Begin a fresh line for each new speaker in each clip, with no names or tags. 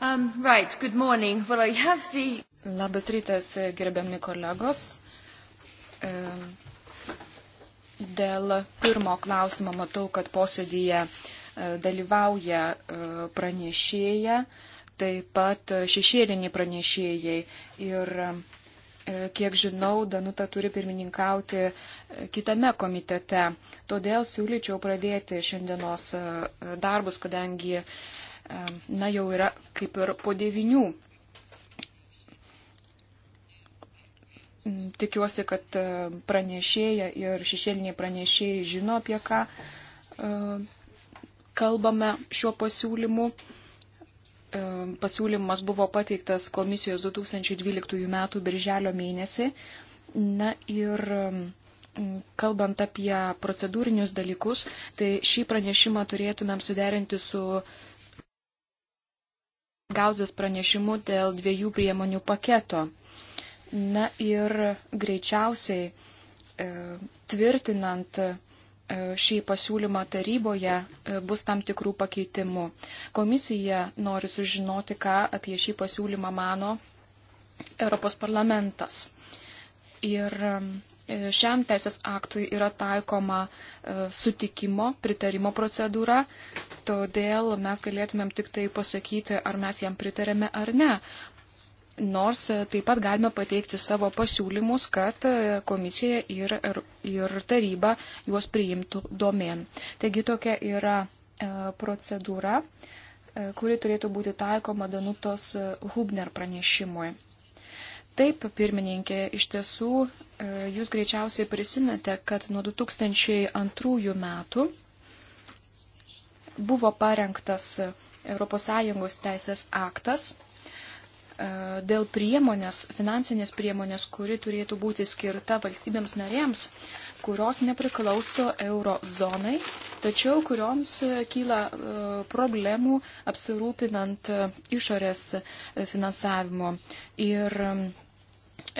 Um, right, good morning. Well, I have the... Labas rytas, gerbiami kolegos. Dėl pirmo klausimo matau, kad posėdėje e, dalyvauja e, pranešėja, taip pat šešėliniai pranešėjai. Ir e, kiek žinau, Danuta turi pirmininkauti kitame komitete. Todėl siūlyčiau pradėti šiandienos darbus, kadangi na, jau yra kaip ir po devinių. Tikiuosi, kad e, pranešėja ir šešėliniai pranešėjai žino, apie ką e, kalbame šiuo pasiūlymu. E, pasiūlymas buvo pateiktas komisijos 2012 m. birželio mėnesį. Na ir kalbant apie procedūrinius dalykus, tai šį pranešimą turėtumėm suderinti su gauzės pranešimu dėl dviejų priemonių paketo. Na ir greičiausiai e, tvirtinant e, šį pasiūlymą taryboje e, bus tam tikrų pakeitimų. Komisija nori sužinoti, ką apie šį pasiūlymą mano Europos parlamentas. Ir E, šiam teisės aktui yra taikoma e, sutikimo, pritarimo procedūra, todėl mes galėtumėm tik tai pasakyti, ar mes jam pritarėme ar ne. Nors e, taip pat galime pateikti savo pasiūlymus, kad komisija ir, ir, ir taryba juos priimtų domen. Taigi tokia yra procedūra, kuri turėtų būti taikoma Danutos Hubner pranešimui. Taip, pirmininkė, iš tiesų e, jūs greičiausiai prisimete, kad nuo 2002 metų buvo parengtas ES teisės aktas e, dėl priemonės, finansinės priemonės, kuri turėtų būti skirta valstybėms narėms, kurios nepriklauso euro zonai, tačiau kurioms e, kyla problemų apsirūpinant išorės finansavimo. Ir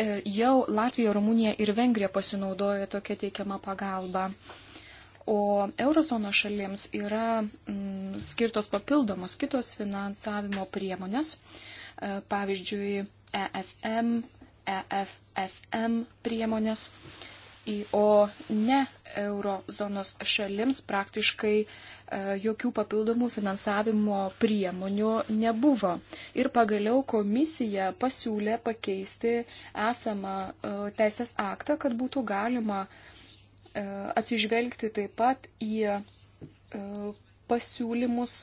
E, jau Latvija, Rumunija ir Vengrija pasinaudojo tokia teikiama pagalba. O eurozono šalims yra mm, skirtos papildomos kitos finansavimo priemonės, e, pavyzdžiui, ESM, EFSM priemonės, o ne eurozonos šalims praktiškai E, jokių papildomų finansavimo priemonių nebuvo. Ir pagaliau komisija pasiūlė pakeisti esamą e, teisės aktą, kad būtų galima e, atsižvelgti taip pat į pasiūlymus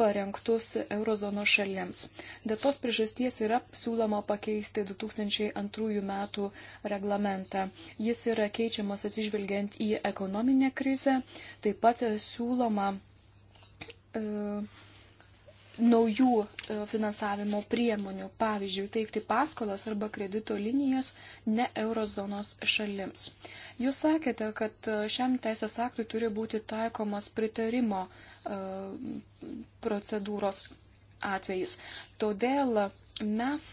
parengtus eurozono šalims. Dėl tos priežasties yra siūloma pakeisti 2002 metų reglamentą. Jis yra keičiamas atsižvelgiant į ekonominę krizę, taip pat siūloma e, naujų e, finansavimo priemonių, pavyzdžiui, teikti paskolas arba kredito linijas ne eurozonos šalims. Jūs sakėte, kad e, šiam teisės aktui turi būti taikomas pritarimo uh, procedūros atvejais. Todėl mes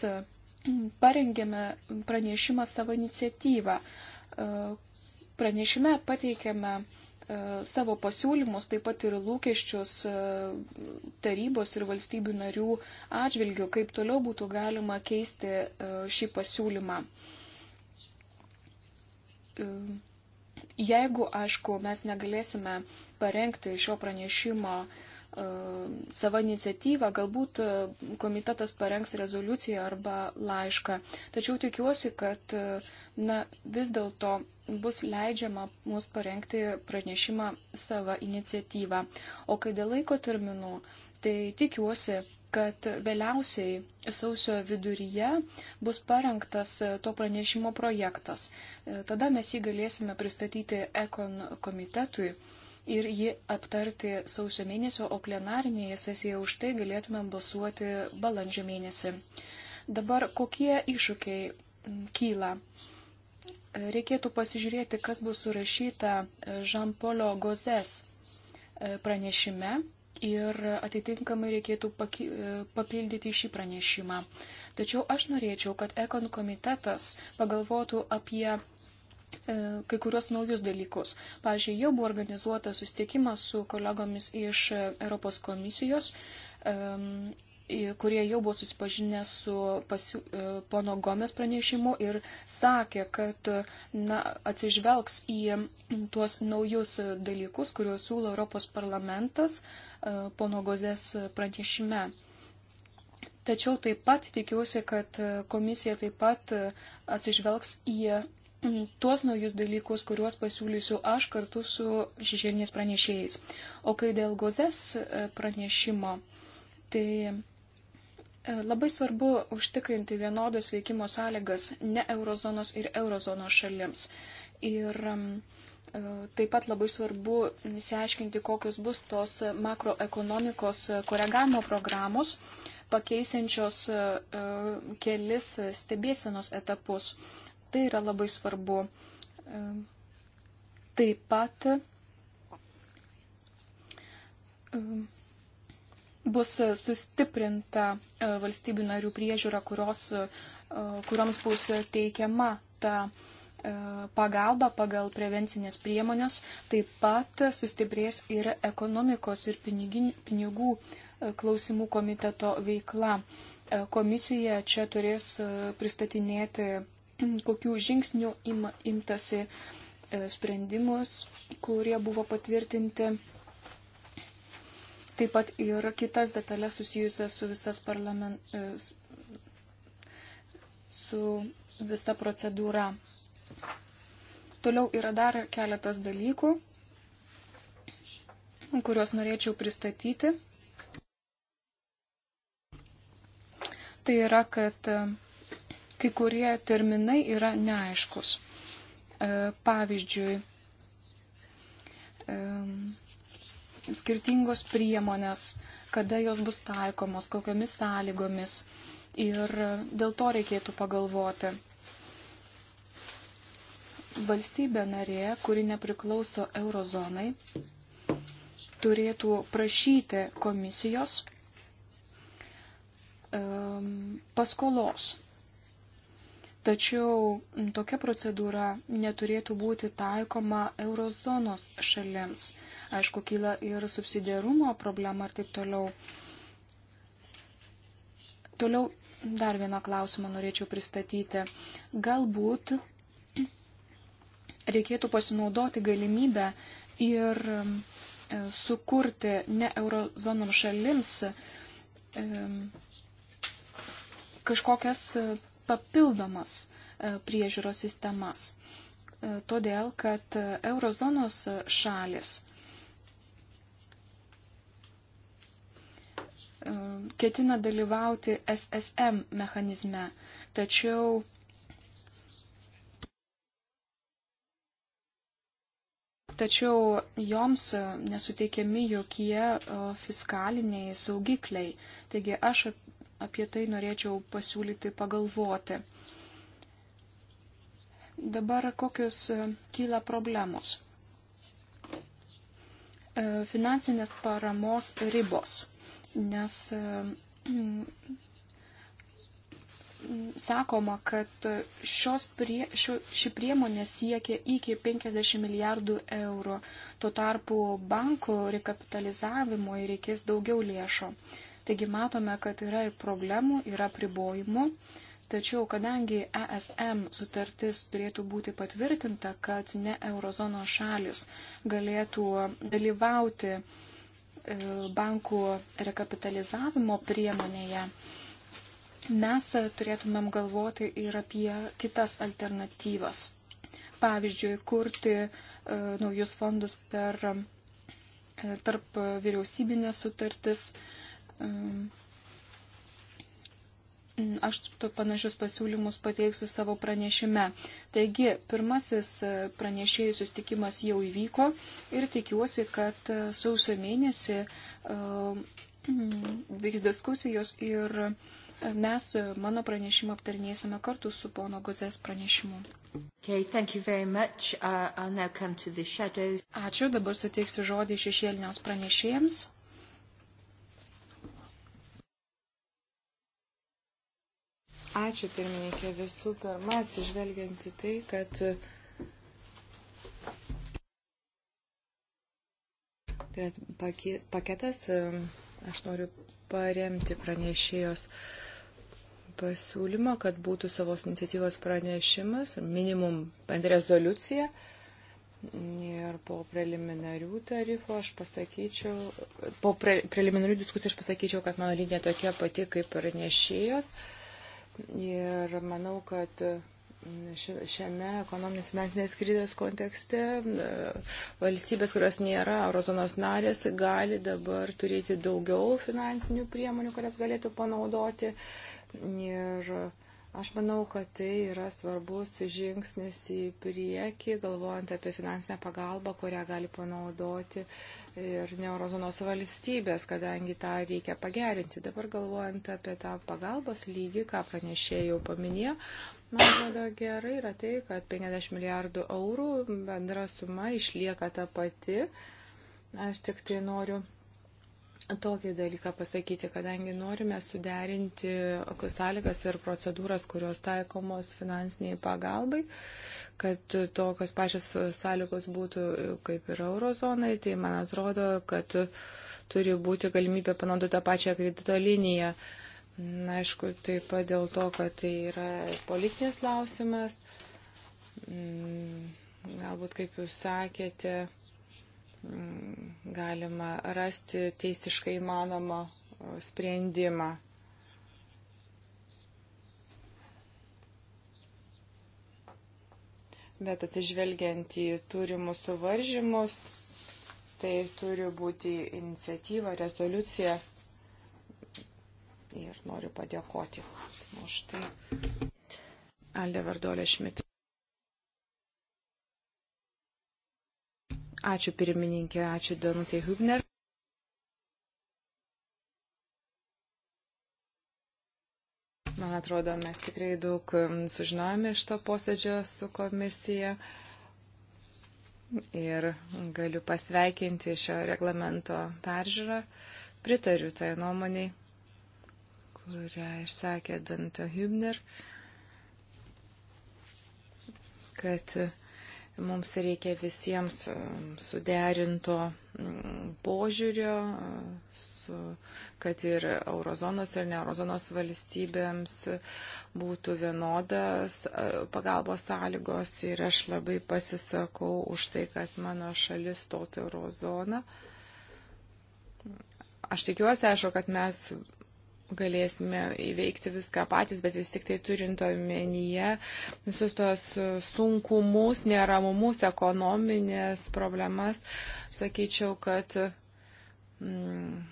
parengėme pranešimą savo iniciatyvą. Pranešime pateikėme e, savo pasiūlymus, taip pat ir lūkesčius e, tarybos ir valstybių narių atžvilgių, kaip toliau būtų galima keisti e, šį pasiūlymą Jeigu, aišku, mes negalėsime parengti šio pranešimo e, savo iniciatyvą, galbūt e, komitetas parengs rezoliuciją arba laišką. Tačiau tikiuosi, kad e, na, vis dėlto bus leidžiama mus parengti pranešimą savo iniciatyvą. O kai dėl laiko terminų, tai tikiuosi, kad vėliausiai sausio viduryje bus parengtas to pranešimo projektas. E, tada mes jį galėsime pristatyti ekon komitetui ir jį aptarti sausio mėnesio, o plenarinėje sesijoje už tai galėtumėm balsuoti balandžio mėnesį. Dabar kokie iššūkiai kyla? E, reikėtų pasižiūrėti, kas bus surašyta Žampolio Gozes e, pranešime ir atitinkamai reikėtų papildyti šį pranešimą. Tačiau aš norėčiau, kad Ekon komitetas pagalvotų apie e, kai kurios naujus dalykus. Pavyzdžiui, jau buvo organizuotas susitikimas su kolegomis iš Europos komisijos e, kurie jau buvo susipažinę su pasiū, e, pono Gomes pranešimu ir sakė, kad na, atsižvelgs į tuos naujus dalykus, kuriuos siūlo Europos parlamentas e, pono Gozės pranešime. Tačiau taip pat tikiuosi, kad komisija taip pat atsižvelgs į tuos naujus dalykus, kuriuos pasiūlysiu aš kartu su šešėlinės pranešėjais. O kai dėl gozės e, pranešimo, tai E, labai svarbu užtikrinti vienodas veikimo sąlygas ne eurozonos ir eurozonos šalims. Ir e, taip pat labai svarbu įsiaiškinti, kokios bus tos makroekonomikos koregavimo programos, pakeisiančios e, kelis stebėsenos etapus. Tai yra labai svarbu. Taip pat bus e, sustiprinta e, valstybių narių priežiūra, kurios, e, kurioms bus teikiama ta pagalba pagal prevencinės priemonės, taip pat sustiprės ir ekonomikos ir pinigin, pinigų klausimų komiteto veikla. Komisija čia turės pristatinėti, kokių žingsnių imtasi sprendimus, kurie buvo patvirtinti taip pat ir kitas detalės susijusias su visas parlament, e, su visa procedūra. Toliau yra dar keletas dalykų, kuriuos norėčiau pristatyti. Tai yra, kad e, kai kurie terminai yra neaiškus. E, pavyzdžiui, skirtingos priemonės, kada jos bus taikomos, kokiamis sąlygomis. Ir dėl to reikėtų pagalvoti. Valstybė narė, kuri nepriklauso eurozonai, turėtų prašyti komisijos um, paskolos. Tačiau tokia procedūra neturėtų būti taikoma eurozonos šalims Aišku, kyla ir subsidiarumo problema ir taip toliau. Toliau dar vieną klausimą norėčiau pristatyti. Galbūt reikėtų pasinaudoti galimybę ir sukurti ne eurozonom šalims kažkokias e, papildomas e, priežiūros sistemas. E, todėl, kad eurozonos šalis ketina dalyvauti SSM mechanizme, tačiau tačiau joms nesuteikiami jokie fiskaliniai saugikliai. Taigi aš apie tai norėčiau pasiūlyti pagalvoti. Dabar kokios e, kyla problemos. E, finansinės paramos ribos nes mm, sakoma, kad šios prie, šio, ši priemonė siekia iki 50 milijardų eurų. Tuo tarpu bankų rekapitalizavimui reikės daugiau lėšo. Taigi matome, kad yra ir problemų, yra pribojimų. Tačiau, kadangi ESM sutartis turėtų būti patvirtinta, kad ne eurozono šalis galėtų dalyvauti uh, E, bankų rekapitalizavimo priemonėje mes turėtumėm galvoti ir apie kitas alternatyvas. Pavyzdžiui, kurti e, naujus fondus per e, tarp vyriausybinės sutartis Mm, aš panašius pasiūlymus pateiksiu savo pranešime. Taigi, pirmasis e, pranešėjų sustikimas jau įvyko ir tikiuosi, kad e, sausio mėnesį e, mm, vyks diskusijos ir mes mano pranešimą aptarnėsime kartu su pono Gozės pranešimu. Okay, uh, Ačiū, dabar suteiksiu žodį šešėlinios pranešėjams.
Ačiū pirmininkė visų pirma, atsižvelgiant į tai, kad tai yra paketas, um, aš noriu paremti pranešėjos pasiūlymą, kad būtų savos iniciatyvos pranešimas, minimum rezoliucija. Ir po preliminarių tarifų aš pasakyčiau, po pre, preliminarių diskusijų aš pasakyčiau, kad mano linija tokia pati kaip pranešėjos. Uh, Ir manau, kad šiame ekonominės finansinės krizės kontekste e, valstybės, kurios nėra eurozonos narės, gali dabar turėti daugiau finansinių priemonių, kurias galėtų panaudoti. Ir Aš manau, kad tai yra svarbus žingsnis į priekį, galvojant apie finansinę pagalbą, kurią gali panaudoti ir neurozonos valstybės, kadangi tą reikia pagerinti. Dabar galvojant apie tą pagalbos lygį, ką pranešėjau paminėjo, man atrodo gerai yra tai, kad 50 milijardų eurų bendra suma išlieka ta pati. Aš tik tai noriu tokį dalyką pasakyti, kadangi norime suderinti sąlygas ir procedūras, kurios taikomos finansiniai pagalbai, kad tokios pačios sąlygos būtų kaip ir eurozonai, tai man atrodo, kad turi būti galimybė panaudoti tą pačią kredito liniją. Na, aišku, taip pat dėl to, kad tai yra politinės klausimas. Mm, galbūt, kaip jūs sakėte, Mm, galima rasti teisiškai įmanomą sprendimą. Bet atsižvelgiant į turimus suvaržymus, tai turi būti iniciatyva, rezoliucija.
Ir noriu padėkoti
už tai. Alde Vardolė Šmitė. Ačiū pirmininkė, ačiū Danutė Hübner. Man atrodo, mes tikrai daug sužinojome iš to posėdžio su komisija. Ir galiu pasveikinti šio reglamento peržiūrą. Pritariu tai nuomoniai, kurią išsakė Danto Hübner, kad uh, Mums reikia visiems um, suderinto mm, požiūrio, uh, su, kad ir eurozonos ir neurozonos valstybėms būtų vienodas uh, pagalbos sąlygos ir aš labai pasisakau už tai, kad mano šalis stotų eurozoną. Aš tikiuosi, aišku, kad mes galėsime įveikti viską patys, bet vis tik tai turint omenyje visus tos sunkumus, neramumus, ekonominės problemas, sakyčiau, kad mm,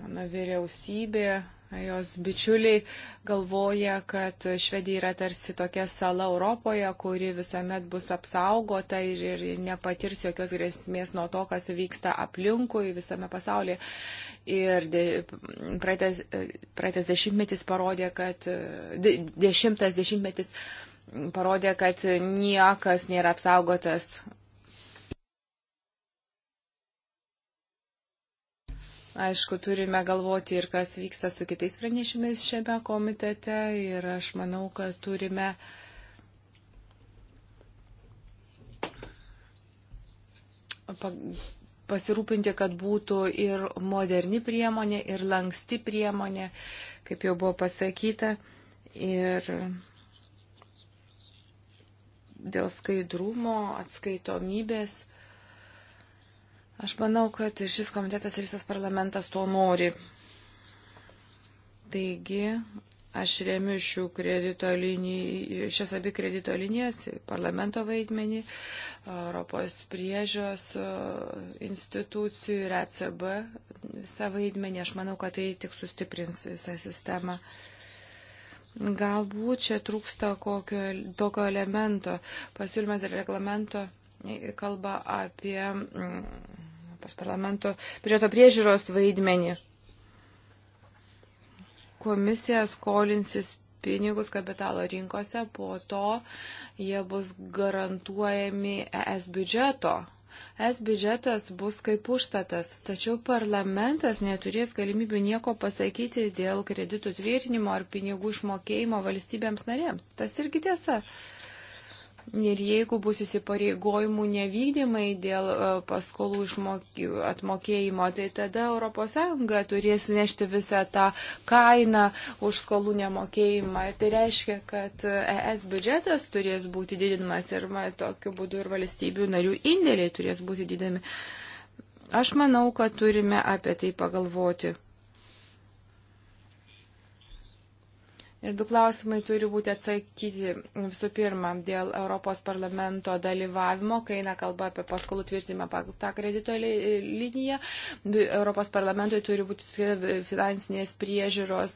mano vyriausybė Jos bičiuliai galvoja, kad Švedija yra tarsi tokia sala Europoje, kuri visuomet bus apsaugota ir, ir nepatirs jokios grėsmės nuo to, kas vyksta aplinkui visame pasaulyje. Ir de, praeitas, praeitas dešimtmetis parodė, kad de, dešimtas dešimtmetis parodė, kad niekas nėra apsaugotas Aišku, turime galvoti ir kas vyksta su kitais pranešimais šiame komitete ir aš manau, kad turime pasirūpinti, kad būtų ir moderni priemonė, ir lanksti priemonė, kaip jau buvo pasakyta, ir dėl skaidrumo, atskaitomybės. Aš manau, kad šis komitetas ir visas parlamentas to nori. Taigi, aš remiu šių kredito linijų, šias abi kredito linijas, parlamento vaidmenį, Europos priežios e, institucijų ir ECB visą vaidmenį. Aš manau, kad tai tik sustiprins visą sistemą. Galbūt čia trūksta kokio, tokio elemento. Pasiūlymas ir reglamento kalba apie. Mm, Europos parlamento biudžeto priežiūros vaidmenį. Komisija skolinsis pinigus kapitalo rinkose, po to jie bus garantuojami ES biudžeto. Es biudžetas bus kaip užstatas, tačiau parlamentas neturės galimybių nieko pasakyti dėl kreditų tvirtinimo ar pinigų išmokėjimo valstybėms narėms. Tas irgi tiesa. Ir jeigu bus įsipareigojimų nevykdymai dėl e, paskolų išmoky, atmokėjimo, tai tada ES turės nešti visą tą kainą už skolų nemokėjimą. Ir tai reiškia, kad ES e biudžetas turės būti didinamas ir ma, tokiu būdu ir valstybių narių indėliai turės būti didinami. Aš manau, kad turime apie tai pagalvoti. Ir du klausimai turi būti atsakyti visų pirma dėl Europos parlamento dalyvavimo, kai eina kalba apie paskolų tvirtinimą pagal tą kredito liniją. Europos parlamentui turi būti finansinės priežiūros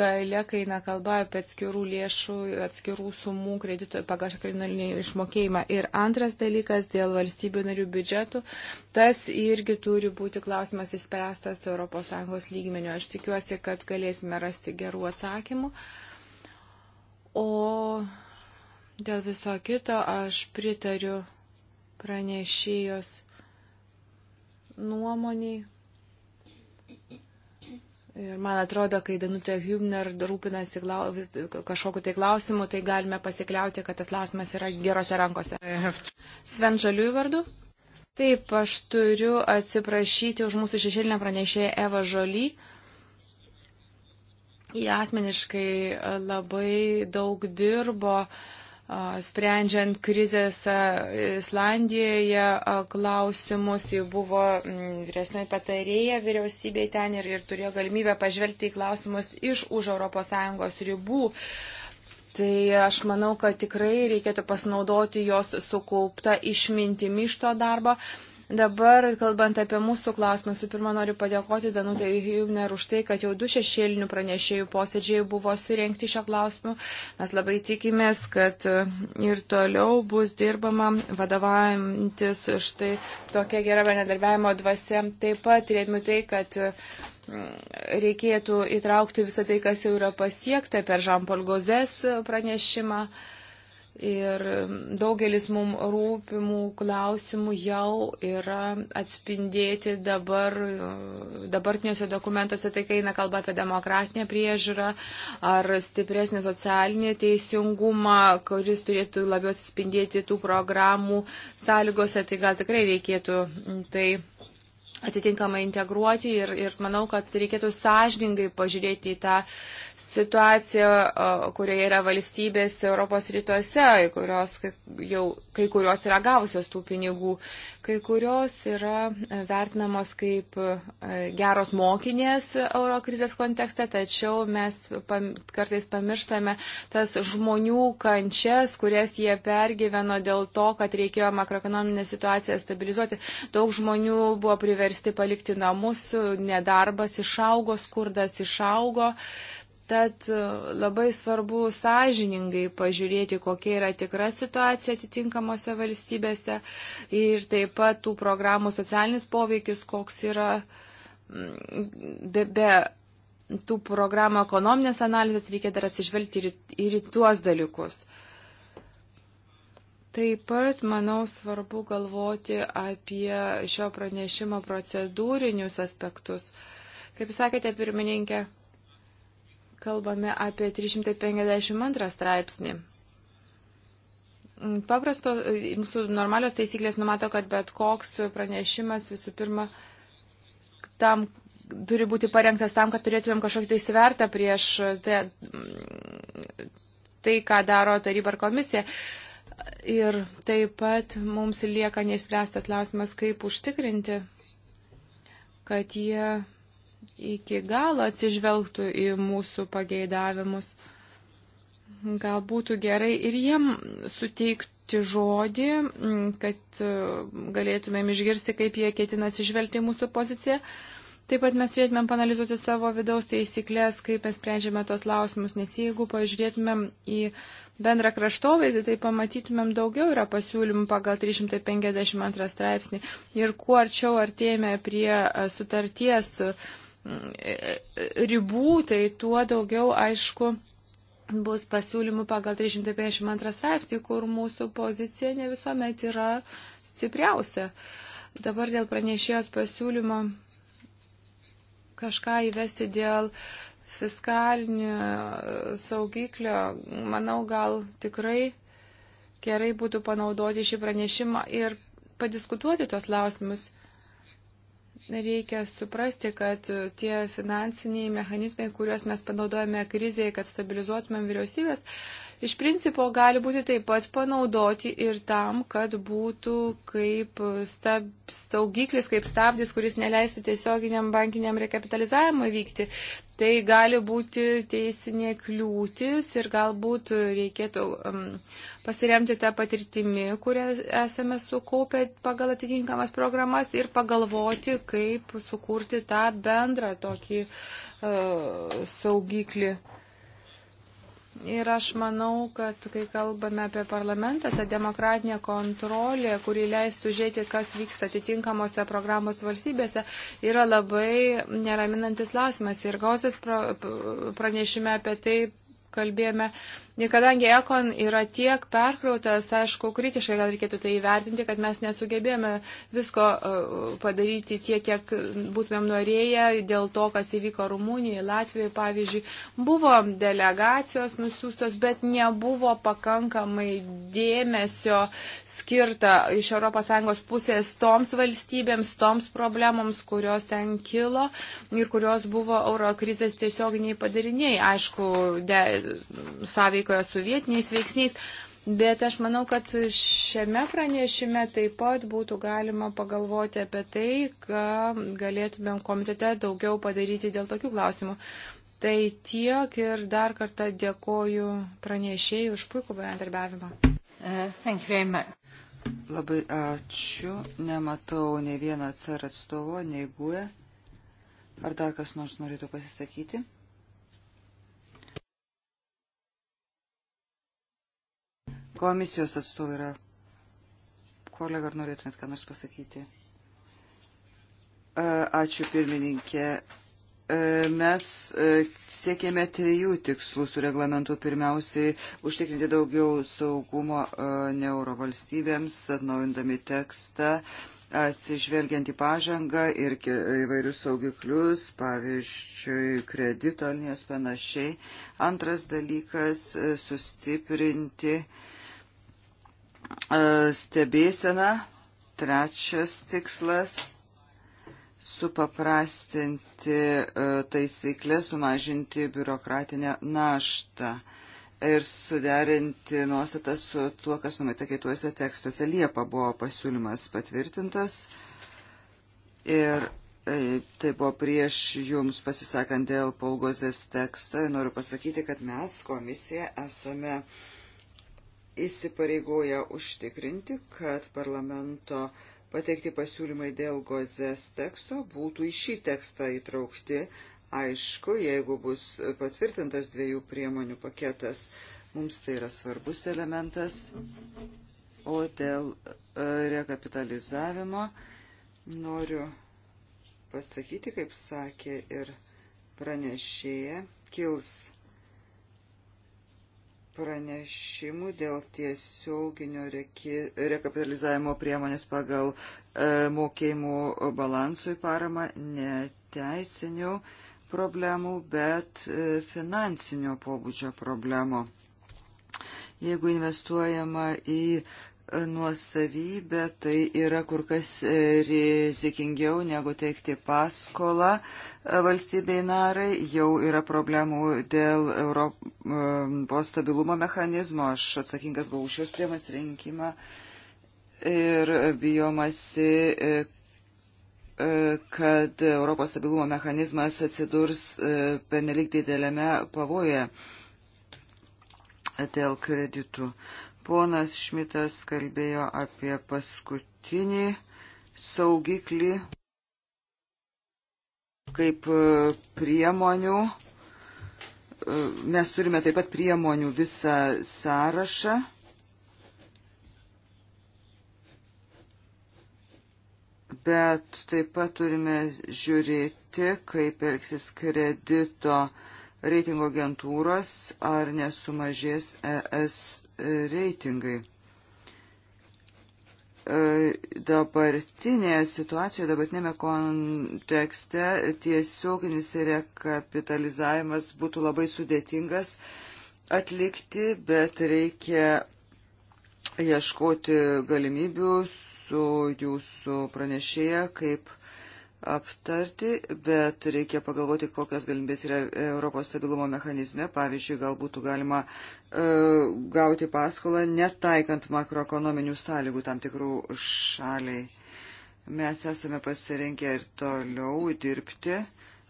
gale, kai eina kalba apie atskirų lėšų, atskirų sumų kredito pagal kredito liniją išmokėjimą. Ir antras dalykas dėl valstybių narių biudžetų. Tas irgi turi būti klausimas išspręstas ES lygmenio. Aš tikiuosi, kad galėsime rasti gerų atsakymų. O dėl viso kito aš pritariu pranešėjos nuomoniai. Ir man atrodo, kai Danutė Hübner rūpinasi kažkokiu tai klausimu, tai galime pasikliauti, kad tas klausimas yra gerose rankose. Sven Žaliųjų vardu. Taip, aš turiu atsiprašyti už mūsų šešėlinę pranešėją Eva Žolį Jie asmeniškai e, labai daug dirbo, e, sprendžiant krizės Islandijoje e, klausimus, jau buvo vyresnioji patarėja vyriausybė ten ir, ir turėjo galimybę pažvelgti į klausimus iš už ES ribų. Tai aš manau, kad tikrai reikėtų pasinaudoti jos sukauptą išmintimį iš to darbo. Dabar, kalbant apie mūsų klausimą, su pirma noriu padėkoti Danutai Hübner už tai, kad jau du šešėlinių pranešėjų posėdžiai buvo surenkti šio klausimu. Mes labai tikimės, kad e, ir toliau bus dirbama vadovaujantis štai tokia gera bendradarbiavimo dvasia. Taip pat rėmiu tai, kad e, reikėtų įtraukti visą tai, kas jau yra pasiekta per Žampolgozės pranešimą. Ir daugelis mums rūpimų klausimų jau yra atspindėti dabar, dabartiniuose dokumentuose, tai kai eina kalba apie demokratinę priežiūrą ar stipresnį socialinį teisingumą, kuris turėtų labiau atspindėti tų programų sąlygose, tai gal tikrai reikėtų tai atitinkamai integruoti ir, ir manau, kad reikėtų sąžiningai pažiūrėti į tą situacija, kurioje yra valstybės Europos rytuose, kurios jau kai kurios yra gavusios tų pinigų, kai kurios yra e, vertinamos kaip e, geros mokinės eurokrizės kontekste, tačiau mes pam, kartais pamirštame tas žmonių kančias, kurias jie pergyveno dėl to, kad reikėjo makroekonominę situaciją stabilizuoti. Daug žmonių buvo priversti palikti namus, nedarbas išaugo, skurdas išaugo. Uh, Tad e, labai svarbu sąžiningai pažiūrėti, kokia yra tikra situacija atitinkamose valstybėse ir taip pat tų programų socialinis poveikis, koks yra be, be tų programų ekonominės analizės, reikia dar atsižvelgti ir, ir į tuos dalykus. Taip pat, manau, svarbu galvoti apie šio pranešimo procedūrinius aspektus. Kaip sakėte, pirmininkė, kalbame apie 352 straipsnį. Paprasto, mūsų normalios taisyklės numato, kad bet koks pranešimas visų pirma tam turi būti parengtas tam, kad turėtumėm kažkokį tai svertą prieš tai, tai, ką daro taryba ar komisija. Ir taip pat mums lieka neišspręstas klausimas, kaip užtikrinti, kad jie iki galo atsižvelgtų į mūsų pageidavimus. Gal būtų gerai ir jiem suteikti žodį, kad e, galėtumėm išgirsti, kaip jie ketina atsižvelgti į mūsų poziciją. Taip pat mes turėtumėm panalizuoti savo vidaus teisiklės, kaip mes sprendžiame tos lausimus, nes jeigu pažiūrėtumėm į bendrą kraštovaizdį, tai pamatytumėm daugiau yra pasiūlymų pagal 352 straipsnį ir kuo arčiau artėjame prie e, sutarties Mm, e, e, ribų, tai tuo daugiau, aišku, bus pasiūlymų pagal 352 straipsnį, kur mūsų pozicija ne visuomet yra stipriausia. Dabar dėl pranešėjos pasiūlymo kažką įvesti dėl fiskalinio saugiklio, manau, gal tikrai gerai būtų panaudoti šį pranešimą ir padiskutuoti tos lausimus reikia suprasti, kad tie finansiniai mechanizmai, kuriuos mes panaudojame krizėje, kad stabilizuotumėm vyriausybės, iš principo gali būti taip pat panaudoti ir tam, kad būtų kaip stab, staugiklis, kaip stabdis, kuris neleistų tiesioginiam bankiniam rekapitalizavimui vykti tai gali būti teisinė kliūtis ir galbūt reikėtų um, pasiremti tą patirtimį, kurią esame sukaupę pagal atitinkamas programas ir pagalvoti, kaip sukurti tą bendrą tokį uh, saugiklį. Ir aš manau, kad kai kalbame apie parlamentą, ta demokratinė kontrolė, kuri leistų žiūrėti, kas vyksta atitinkamose programos valstybėse, yra labai neraminantis klausimas. Ir gausios pranešime apie tai kalbėjome Kadangi Ekon yra tiek perkrautas, aišku, kritiškai gal reikėtų tai įvertinti, kad mes nesugebėjome visko uh, padaryti tiek, kiek būtumėm norėję dėl to, kas įvyko Rumunijoje, Latvijoje, pavyzdžiui. Buvo delegacijos nusiųstos, bet nebuvo pakankamai dėmesio skirta iš ES pusės toms valstybėms, toms problemoms, kurios ten kilo ir kurios buvo euro krizės tiesioginiai padariniai. Aišku, de, sąveikia sąveikoje su vietiniais veiksniais. Bet aš manau, kad šiame pranešime taip pat būtų galima pagalvoti apie tai, ką galėtumėm komitete daugiau padaryti dėl tokių klausimų. Tai tiek ir dar kartą dėkoju pranešėjai už puikų bendarbiavimą.
Uh, Labai ačiū. Nematau ne vieno atsar atstovo, nei guė. E. Ar dar kas nors norėtų pasisakyti? Komisijos atstovai yra. Kolega, ar norėtumėt ką nors pasakyti? E, ačiū pirmininkė. E, mes e, siekėme trijų tikslų su reglamentu. Pirmiausiai, užtikrinti daugiau saugumo neuro valstybėms, atnaujindami tekstą, atsižvelgiant į pažangą ir įvairius saugiklius, pavyzdžiui, kredito linijos panašiai. Antras dalykas - sustiprinti uh, Stebėsena, trečias tikslas - supaprastinti e, taisyklę, sumažinti biurokratinę naštą ir suderinti nuostatą su tuo, kas numatyta kituose tekstuose. Liepa buvo pasiūlymas patvirtintas ir e, tai buvo prieš jums pasisakant dėl polgozės teksto ir noriu pasakyti, kad mes komisija esame uh, įsipareigoja užtikrinti, kad parlamento pateikti pasiūlymai dėl gozės teksto būtų į šį tekstą įtraukti. Aišku, jeigu bus patvirtintas dviejų priemonių paketas, mums tai yra svarbus elementas. O dėl e, rekapitalizavimo noriu pasakyti, kaip sakė ir pranešėja, kils pranešimų dėl tiesioginio rekapitalizavimo priemonės pagal e, mokėjimų balansui parama neteisinių problemų, bet e, finansinio pobūdžio problemų. Jeigu investuojama į nuosavybę, tai yra kur kas rizikingiau negu teikti paskolą e, valstybei narai. Jau yra problemų dėl Europos e, stabilumo mechanizmo. Aš atsakingas buvau už šios priemas rinkimą ir bijomasi e, kad Europos stabilumo mechanizmas atsidurs per nelik didelėme pavoje dėl kreditų. Ponas Šmitas kalbėjo apie paskutinį saugiklį kaip e, priemonių. E, mes turime taip pat priemonių visą sąrašą. Bet taip pat turime žiūrėti, kaip elgsis kredito uh, reitingo agentūros, ar nesumažės ES reitingai. E, Dabartinėje situacijoje, dabartinėme kontekste tiesioginis rekapitalizavimas būtų labai sudėtingas atlikti, bet reikia ieškoti galimybių su jūsų pranešėja, kaip aptarti, bet reikia pagalvoti, kokios galimybės yra Europos stabilumo mechanizme. Pavyzdžiui, gal būtų galima e, gauti paskolą netaikant makroekonominių sąlygų tam tikrų šaliai. Mes esame pasirinkę ir toliau dirbti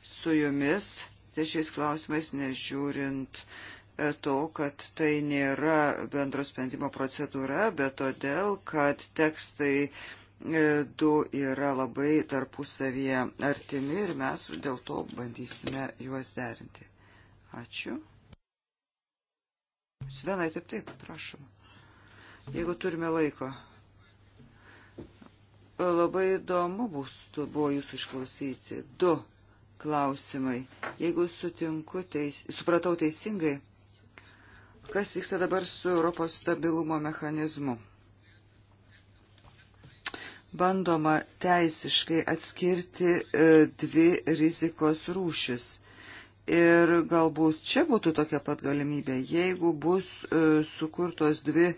su jumis šiais klausimais, nežiūrint e, to, kad tai nėra bendro sprendimo procedūra, bet todėl, kad tekstai e, du yra labai tarpusavyje artimi ir mes dėl to bandysime juos derinti. Ačiū. Svenai, taip, taip, prašom. Jeigu turime laiko. Labai įdomu būstų, buvo jūsų išklausyti. Du klausimai. Jeigu sutinku, teis, supratau teisingai, kas vyksta dabar su Europos stabilumo mechanizmu? bandoma teisiškai atskirti e, dvi rizikos rūšis. Ir galbūt čia būtų tokia pat galimybė, jeigu bus e, sukurtos dvi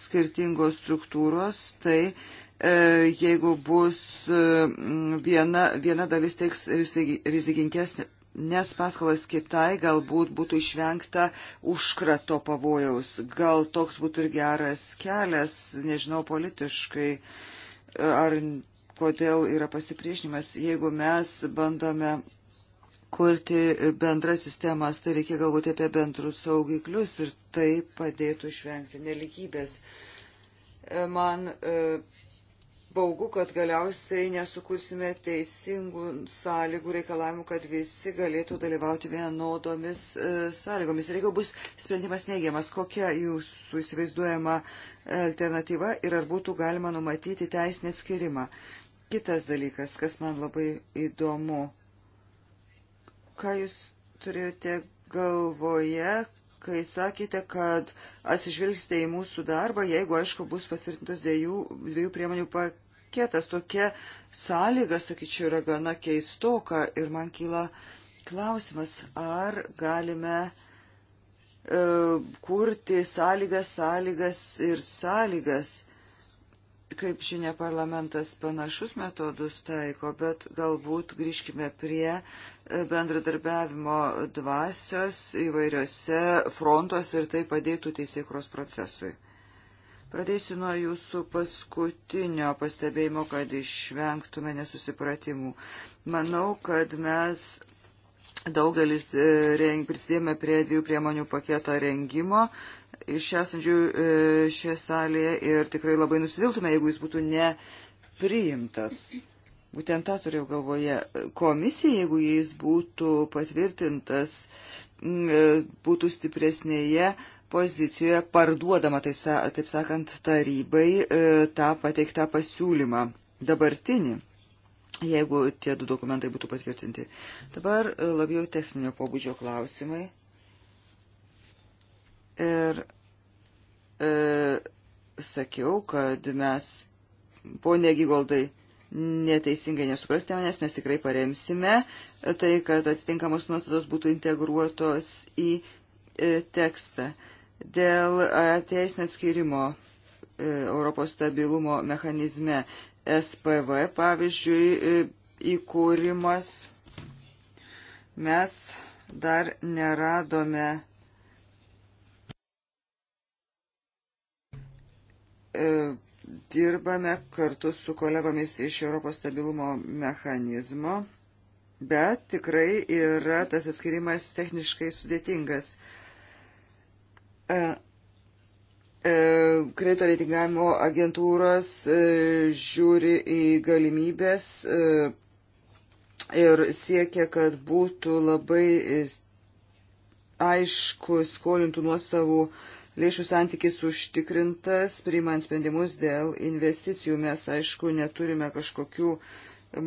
skirtingos struktūros, tai e, jeigu bus viena, viena dalis teiks rizikinkesnė nes paskolas kitai galbūt būtų išvengta užkrato pavojaus. Gal toks būtų ir geras kelias, nežinau, politiškai ar kodėl yra pasipriešinimas. Jeigu mes bandome kurti bendras sistemas, tai reikia galvoti apie bendrus saugiklius ir tai padėtų išvengti nelikybės. Man e, baugu, kad galiausiai nesukursime teisingų sąlygų reikalavimų, kad visi galėtų dalyvauti vienodomis e, sąlygomis. Ir jeigu bus sprendimas neigiamas, kokia jūsų įsivaizduojama alternatyva ir ar būtų galima numatyti teisinį atskirimą. Kitas dalykas, kas man labai įdomu, ką jūs turėjote galvoje, kai sakėte, kad atsižvelgsite į mūsų darbą, jeigu, aišku, bus patvirtintas dviejų, dviejų priemonių paketas paketas. Tokia sąlyga, sakyčiau, yra gana keistoka ir man kyla klausimas, ar galime e, kurti sąlygas, sąlygas ir sąlygas. Kaip žinia, parlamentas panašus metodus taiko, bet galbūt grįžkime prie e, bendradarbiavimo dvasios įvairiose frontos ir tai padėtų teisėkros procesui. Pradėsiu nuo jūsų paskutinio pastebėjimo, kad išvengtume nesusipratimų. Manau, kad mes daugelis e, prisidėjome prie dviejų priemonių paketo rengimo iš esančių e, šioje salėje ir tikrai labai nusiviltume, jeigu jis būtų nepriimtas. Būtent tą turėjau galvoje. Komisija, jeigu jis būtų patvirtintas, e, būtų stipresnėje pozicijoje parduodama, tai, taip sakant, tarybai e, tą pateiktą pasiūlymą dabartinį, jeigu tie du dokumentai būtų patvirtinti. Dabar e, labiau techninio pobūdžio klausimai. Ir e, sakiau, kad mes, ponė Gigoldai, neteisingai nesuprastė manęs, mes tikrai paremsime tai, kad atitinkamos nuostatos būtų integruotos į e, tekstą. E, Dėl teisinio skirimo e, Europos stabilumo mechanizme SPV, pavyzdžiui, e, įkūrimas mes dar neradome e, dirbame kartu su kolegomis iš Europos stabilumo mechanizmo, bet tikrai yra tas atskirimas techniškai sudėtingas. E, e, kredito reitingavimo agentūros e, žiūri į galimybės ir siekia, kad būtų labai aišku skolintų nuosavų lėšų santykis užtikrintas, priimant sprendimus dėl investicijų. Mes, aišku, neturime kažkokių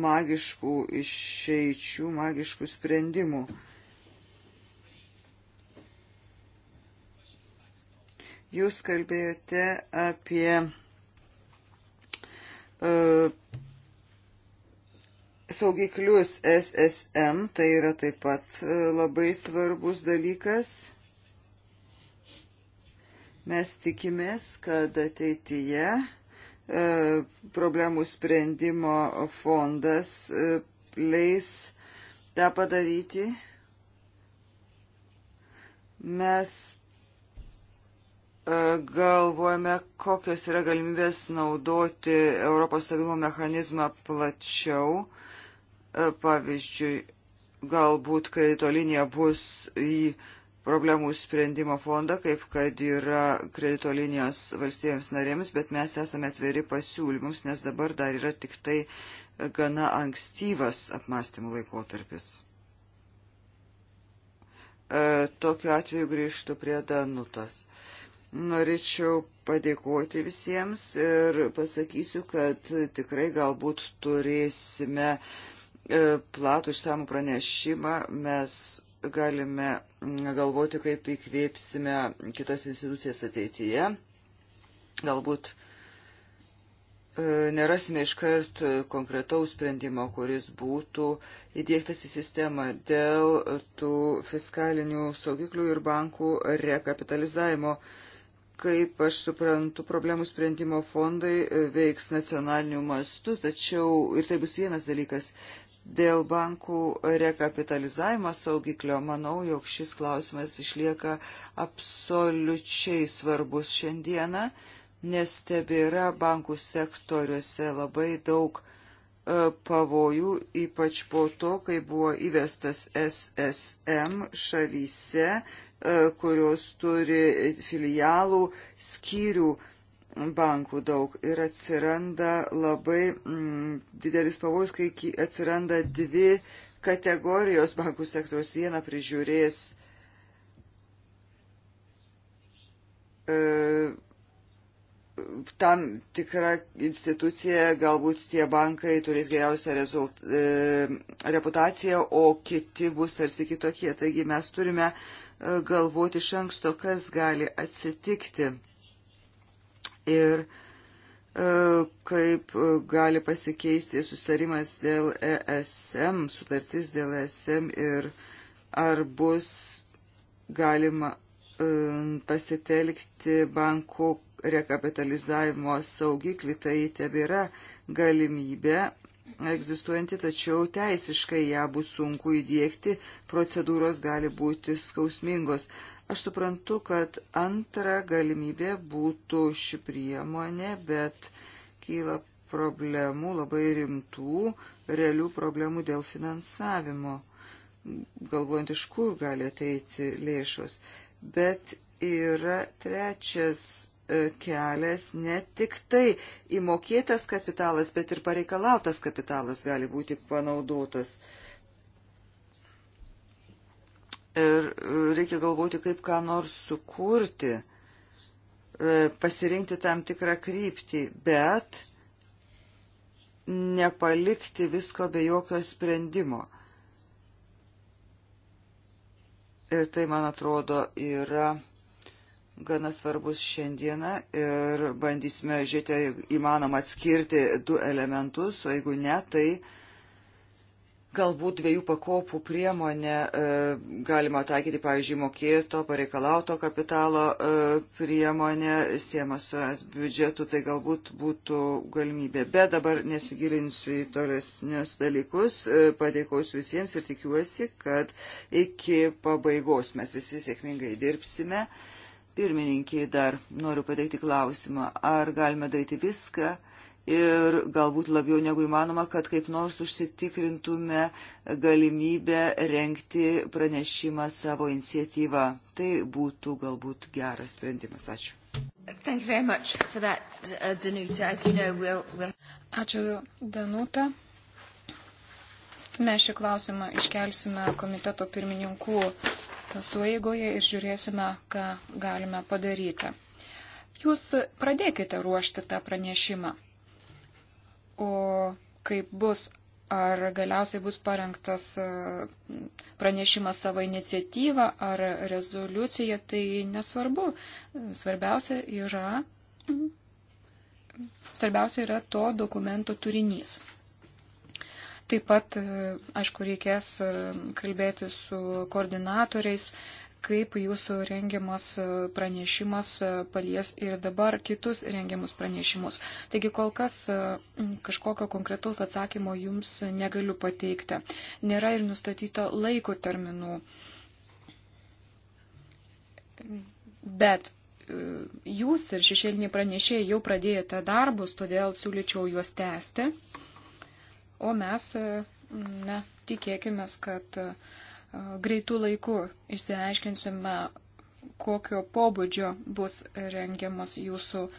magiškų išeičių, magiškų sprendimų. Jūs kalbėjote apie uh, saugiklius SSM, tai yra taip pat uh, labai svarbus dalykas. Mes tikimės, kad ateityje uh, problemų sprendimo fondas leis tą padaryti. Mes E, galvojame, kokios yra galimybės naudoti Europos stabilumo mechanizmą plačiau. E, pavyzdžiui, galbūt kredito linija bus į problemų sprendimo fondą, kaip kad yra kredito linijos valstybėms narėms, bet mes esame atviri pasiūlymams, nes dabar dar yra tik tai gana ankstyvas apmąstymų laikotarpis. E, tokiu atveju grįžtų prie Danutas. Norėčiau padėkoti visiems ir pasakysiu, kad tikrai galbūt turėsime e, platų išsamų pranešimą. Mes galime mm, galvoti, kaip įkvėpsime kitas institucijas ateityje. Galbūt e, nerasime iškart konkretaus sprendimo, kuris būtų įdėktas į sistemą dėl tų fiskalinių saugiklių ir bankų rekapitalizavimo. Kaip aš suprantu, problemų sprendimo fondai e, veiks nacionaliniu mastu, tačiau ir tai bus vienas dalykas. Dėl bankų rekapitalizavimo saugiklio manau, jog šis klausimas išlieka absoliučiai svarbus šiandieną, nes tebėra bankų sektoriuose labai daug e, pavojų, ypač po to, kai buvo įvestas SSM šalyse E, kurios turi filialų, skyrių bankų daug ir atsiranda labai mm, didelis pavojus, kai atsiranda dvi kategorijos bankų sektoriaus. Vieną prižiūrės e, tam tikra institucija, galbūt tie bankai turės geriausią rezult, e, reputaciją, o kiti bus tarsi kitokie. Taigi mes turime galvoti iš anksto, kas gali atsitikti ir e, kaip gali pasikeisti susitarimas dėl ESM, sutartis dėl ESM ir ar bus galima e, pasitelkti bankų rekapitalizavimo saugiklį, tai tebėra galimybė egzistuojanti, tačiau teisiškai ją bus sunku įdėkti, procedūros gali būti skausmingos. Aš suprantu, kad antra galimybė būtų ši priemonė, bet kyla problemų, labai rimtų, realių problemų dėl finansavimo, galvojant iš kur gali ateiti lėšos. Bet yra trečias kelias ne tik tai įmokėtas kapitalas, bet ir pareikalautas kapitalas gali būti panaudotas. Ir e, reikia galvoti, kaip ką nors sukurti, e, pasirinkti tam tikrą kryptį, bet nepalikti visko be jokio sprendimo. Ir tai, man atrodo, yra gana svarbus šiandieną ir bandysime žiūrėti, įmanoma atskirti du elementus, o jeigu ne, tai galbūt dviejų pakopų priemonę e, galima taikyti, pavyzdžiui, mokėto, pareikalauto kapitalo e, priemonę, siema su es biudžetu, tai galbūt būtų galimybė. Bet dabar nesigilinsiu į tolesnius dalykus, e, padėkosiu visiems ir tikiuosi, kad iki pabaigos mes visi sėkmingai dirbsime. E, pirmininkiai dar noriu pateikti klausimą, ar galime daryti viską ir galbūt labiau negu įmanoma, kad kaip nors užsitikrintume galimybę renkti pranešimą savo iniciatyvą. Tai būtų galbūt geras sprendimas. Ačiū.
That, uh, Danuta. You know, we'll,
we'll... Ačiū, Danuta. Mes šį klausimą iškelsime komiteto pirmininkų sueigoje ir žiūrėsime, ką galime padaryti. Jūs pradėkite ruošti tą pranešimą. O kaip bus, ar galiausiai bus parengtas e, pranešimas savo iniciatyvą ar rezoliucija, tai nesvarbu. Svarbiausia yra, svarbiausia yra to dokumento turinys. Taip pat, e, aišku, reikės e, kalbėti su koordinatoriais, kaip jūsų rengiamas e, pranešimas palies ir dabar kitus rengiamus pranešimus. Taigi kol kas kažkokio konkretaus atsakymo jums negaliu pateikti. Nėra ir nustatyto laiko terminų. Bet jūs ir šešėliniai pranešėjai jau pradėjote darbus, todėl siūlyčiau juos tęsti. O mes, e, na, tikėkime, kad e, greitų laikų išsiaiškinsime, kokio pobūdžio bus rengiamas jūsų e,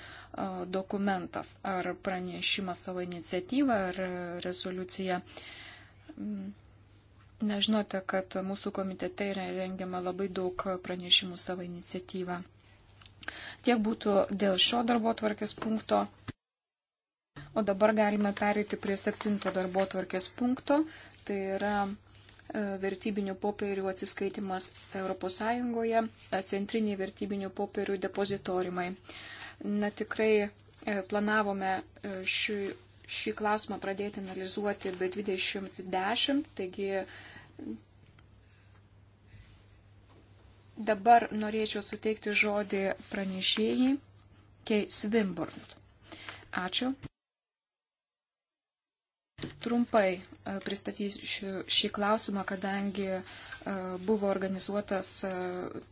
dokumentas ar pranešimas savo iniciatyvą ar rezoliuciją. Mm. Nežinote, kad mūsų komitete yra rengiama labai daug pranešimų savo iniciatyvą. Tiek būtų dėl šio darbo tvarkės punkto. O dabar galime pereiti prie septinto darbo tvarkės punkto. Tai yra e, vertybinių popierių atsiskaitimas ES, e, centriniai vertybinių popierių depozitorimai. Na tikrai e, planavome šį, šį klausimą pradėti analizuoti be 2010, taigi dabar norėčiau suteikti žodį pranešėjai Kei Svimburn. Ačiū. Trumpai e, pristatysiu šį klausimą, kadangi e, buvo organizuotas e,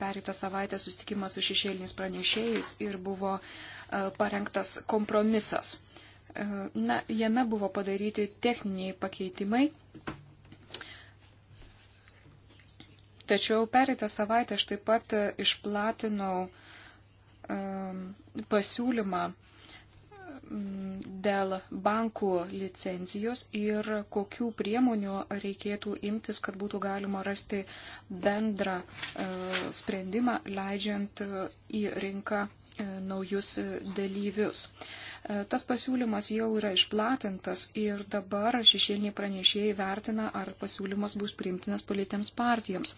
pereitą savaitę susitikimas su šešėliniais pranešėjais ir buvo parengtas kompromisas. Na, jame buvo padaryti techniniai pakeitimai. Tačiau pereitą savaitę aš taip pat išplatinau pasiūlymą Mm, dėl bankų licencijos ir kokių priemonių reikėtų imtis, kad būtų galima rasti bendrą e, sprendimą, leidžiant į rinką e, naujus dalyvius. E, tas pasiūlymas jau yra išplatintas ir dabar šešėliniai pranešėjai vertina, ar pasiūlymas bus priimtinas politiniams partijams.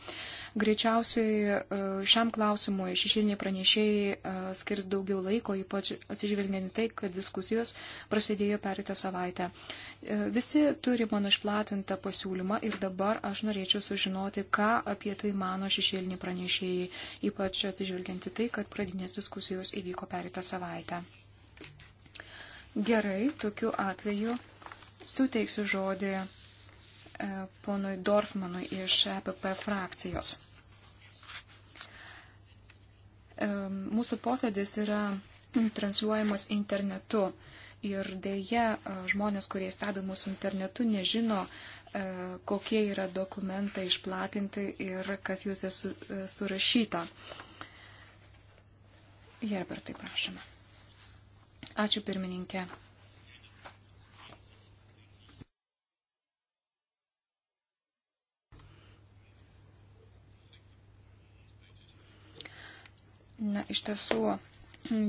Greičiausiai e, šiam klausimui šešėliniai pranešėjai e, skirs daugiau laiko, ypač atsižvelgiant tai, kad diskusijos prasidėjo perėtą savaitę. Visi turi mano išplatintą pasiūlymą ir dabar aš norėčiau sužinoti, ką apie tai mano šešėliniai pranešėjai, ypač atsižvelgiant į tai, kad pradinės diskusijos įvyko perėtą savaitę. Gerai, tokiu atveju suteiksiu žodį e, ponui Dorfmanui iš EPP frakcijos. E, mūsų posėdis yra transliuojamas internetu ir dėja e, žmonės, kurie stebi mūsų internetu, nežino, kokie yra dokumentai išplatinti ir kas juose surašyta. Herbertai, prašome. Ačiū pirmininkė. Na, iš tiesų,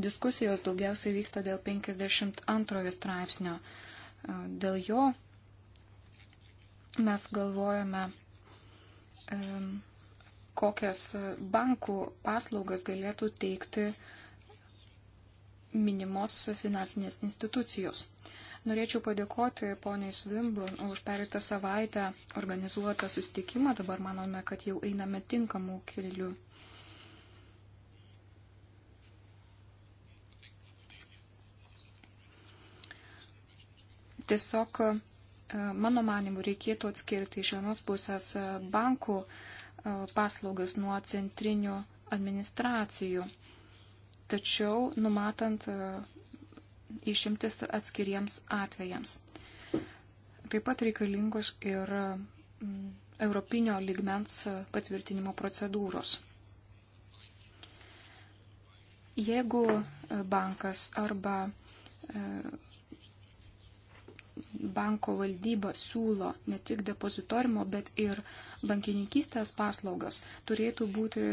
diskusijos daugiausiai vyksta dėl 52 straipsnio. Dėl jo mes galvojame, kokias bankų paslaugas galėtų teikti uh, minimos finansinės institucijos. Norėčiau padėkoti poniai Svimburn už pereitą savaitę organizuotą sustikimą. Dabar manome, kad jau einame tinkamų kelių. Tiesiog, e, mano manimu, reikėtų atskirti iš vienos pusės e, bankų e, paslaugas nuo centrinių administracijų tačiau numatant e, išimtis atskiriems atvejams. Taip pat reikalingos ir europinio ligmens patvirtinimo procedūros. Jeigu e, bankas arba e, banko valdyba siūlo ne tik depozitorimo, bet ir bankininkystės paslaugas, turėtų būti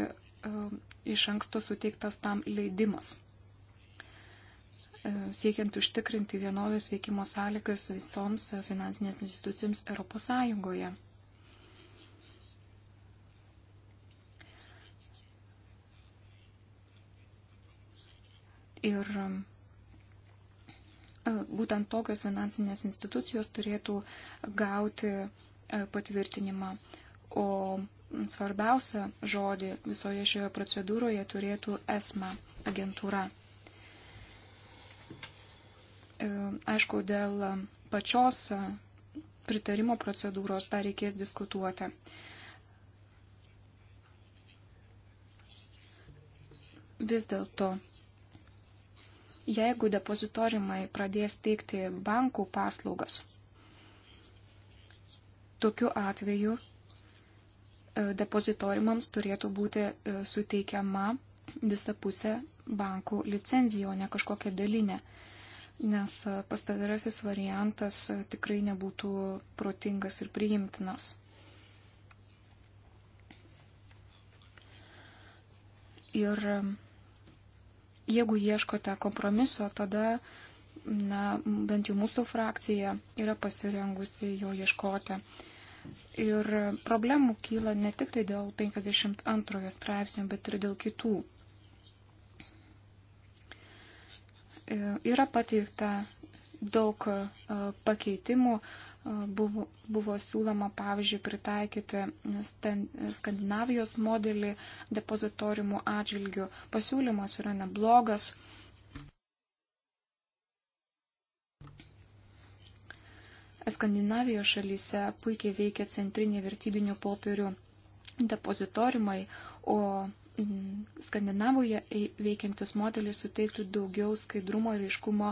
Um, iš anksto suteiktas tam leidimas. Uh, siekiant užtikrinti vienodas veikimo sąlygas visoms uh, finansinėms institucijoms ES. Ir um, uh, būtent tokios finansinės institucijos turėtų gauti patvirtinimą. O svarbiausią žodį visoje šioje procedūroje turėtų ESMA agentūra. E, aišku, dėl pačios pritarimo procedūros tą reikės diskutuoti. Vis dėlto, jeigu depozitorimai pradės teikti bankų paslaugas, tokiu atveju depozitorimams turėtų būti e, suteikiama visa pusė bankų licenzija, o ne kažkokia dalinė, nes e, pastarasis variantas e, tikrai nebūtų protingas ir priimtinas. Ir jeigu ieškote kompromiso, tada, na, bent jau mūsų frakcija yra pasirengusi jo ieškoti. Ir problemų kyla ne tik tai dėl 52 straipsnio, bet ir dėl kitų. E, yra pateikta daug e, pakeitimų, e, buvo, buvo siūloma, pavyzdžiui, pritaikyti Skandinavijos modelį depozitoriumų atžvilgių. Pasiūlymas yra neblogas Skandinavijos šalyse puikiai veikia centriniai vertybinių popierių depozitorimai, o mm, Skandinavoje veikiantis modelis suteiktų daugiau skaidrumo ir iškumo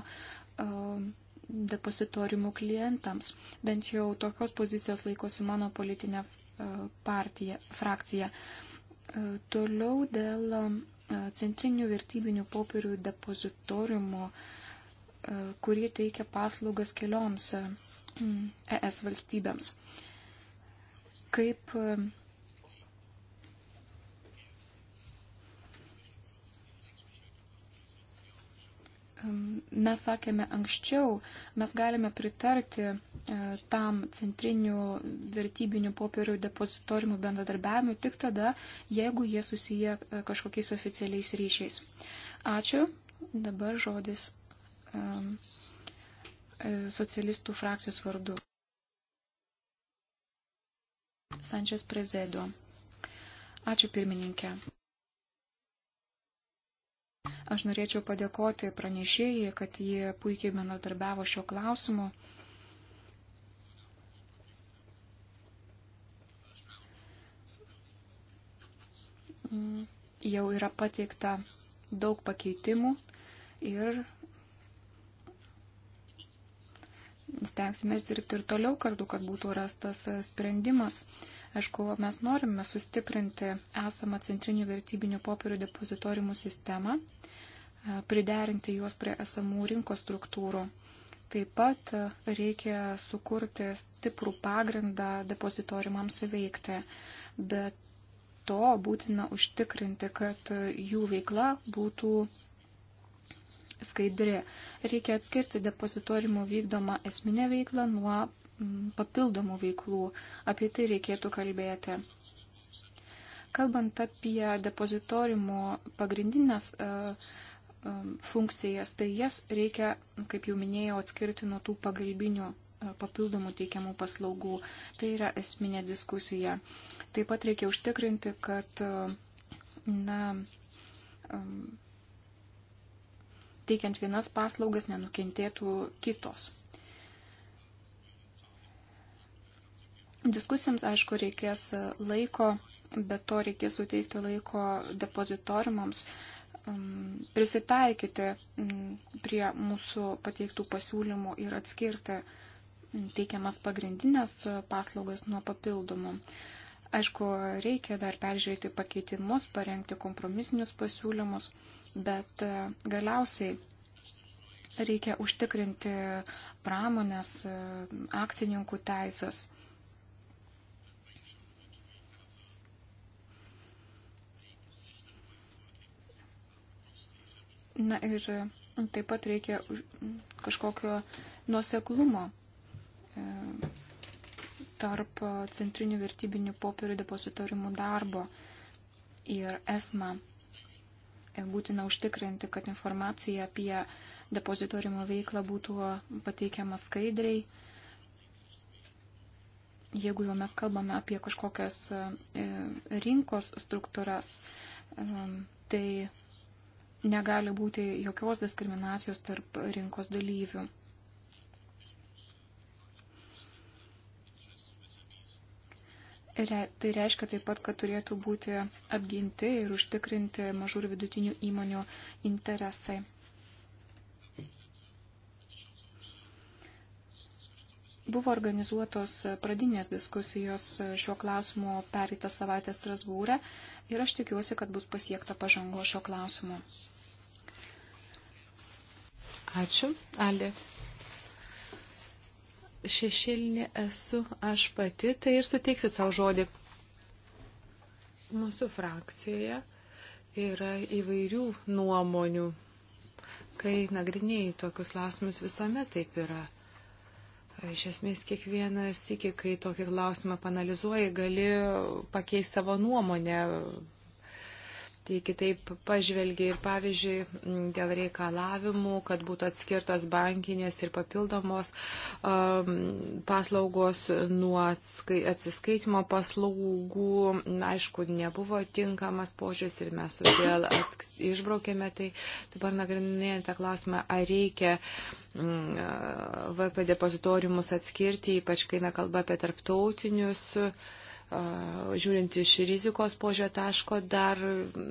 depozitorimų klientams. Bent jau tokios pozicijos laikosi mano politinė partija, frakcija. Toliau dėl centrinių vertybinių popierių depozitoriumo, kurie teikia paslaugas kelioms ES valstybėms. Kaip mes sakėme anksčiau, mes galime pritarti e, tam centrinių vertybinių popierių depozitorimų bendradarbiavimui tik tada, jeigu jie susiję e, kažkokiais oficialiais ryšiais. Ačiū. Dabar žodis um, E, socialistų frakcijos vardu. Sančias Prezedo. Ačiū pirmininkė. Aš norėčiau padėkoti pranešėjai, kad jie puikiai bendradarbiavo šio klausimu. Mm, jau yra pateikta daug pakeitimų ir Stengsimės dirbti ir toliau kartu, kad būtų rastas sprendimas. Aišku, mes norime sustiprinti esamą centrinių vertybinių popierių depozitorimų sistemą, priderinti juos prie esamų rinkos struktūrų. Taip pat reikia sukurti stiprų pagrindą depozitorimams veikti, bet to būtina užtikrinti, kad jų veikla būtų skaidri. Reikia atskirti depozitorimų vykdomą esminę veiklą nuo mm, papildomų veiklų. Apie tai reikėtų kalbėti. Kalbant apie depozitorimų pagrindinės e, e, funkcijas, tai jas reikia, kaip jau minėjau, atskirti nuo tų pagalbinių e, papildomų teikiamų paslaugų. Tai yra esminė diskusija. Taip pat reikia užtikrinti, kad na, teikiant vienas paslaugas nenukentėtų kitos. Diskusijams, aišku, reikės laiko, bet to reikės suteikti laiko depozitorimams um, prisitaikyti mm, prie mūsų pateiktų pasiūlymų ir atskirti mm, teikiamas pagrindinės uh, paslaugas nuo papildomų. Aišku, reikia dar peržiūrėti pakeitimus, parengti kompromisinius pasiūlymus, bet e, galiausiai reikia užtikrinti pramonės e, akcininkų teisės. Na ir taip pat reikia kažkokio nuseklumo e, tarp centrinių vertybinių popierių depozitorimų darbo ir esma. E, būtina užtikrinti, kad informacija apie depozitorimų veiklą būtų pateikiama skaidriai. Jeigu jau mes kalbame apie kažkokias e, rinkos struktūras, e, tai negali būti jokios diskriminacijos tarp rinkos dalyvių. Tai reiškia taip pat, kad turėtų būti apginti ir užtikrinti mažų ir vidutinių įmonių interesai. Buvo organizuotos pradinės diskusijos šiuo klausimu pereitą savaitę Strasbūrę ir aš tikiuosi, kad bus pasiekta pažango šio klausimu.
Ačiū. Alė šešėlinė esu aš pati, tai ir suteiksiu savo žodį. Mūsų frakcijoje yra įvairių nuomonių. Kai nagrinėjai tokius klausimus, visuomet taip yra. Iš esmės, kiekvienas iki, kai tokį klausimą panalizuoji, gali pakeisti savo nuomonę, Tai kitaip pažvelgia ir pavyzdžiui dėl reikalavimų, kad būtų atskirtos bankinės ir papildomos um, paslaugos nuo atsiskaitimo paslaugų. Aišku, nebuvo tinkamas požiūris ir mes todėl išbraukėme tai. Dabar nagrinėjant tą klausimą, ar reikia um, mm, VP depozitoriumus atskirti, ypač kai na kalba apie tarptautinius. Uh, žiūrint iš rizikos požio taško, dar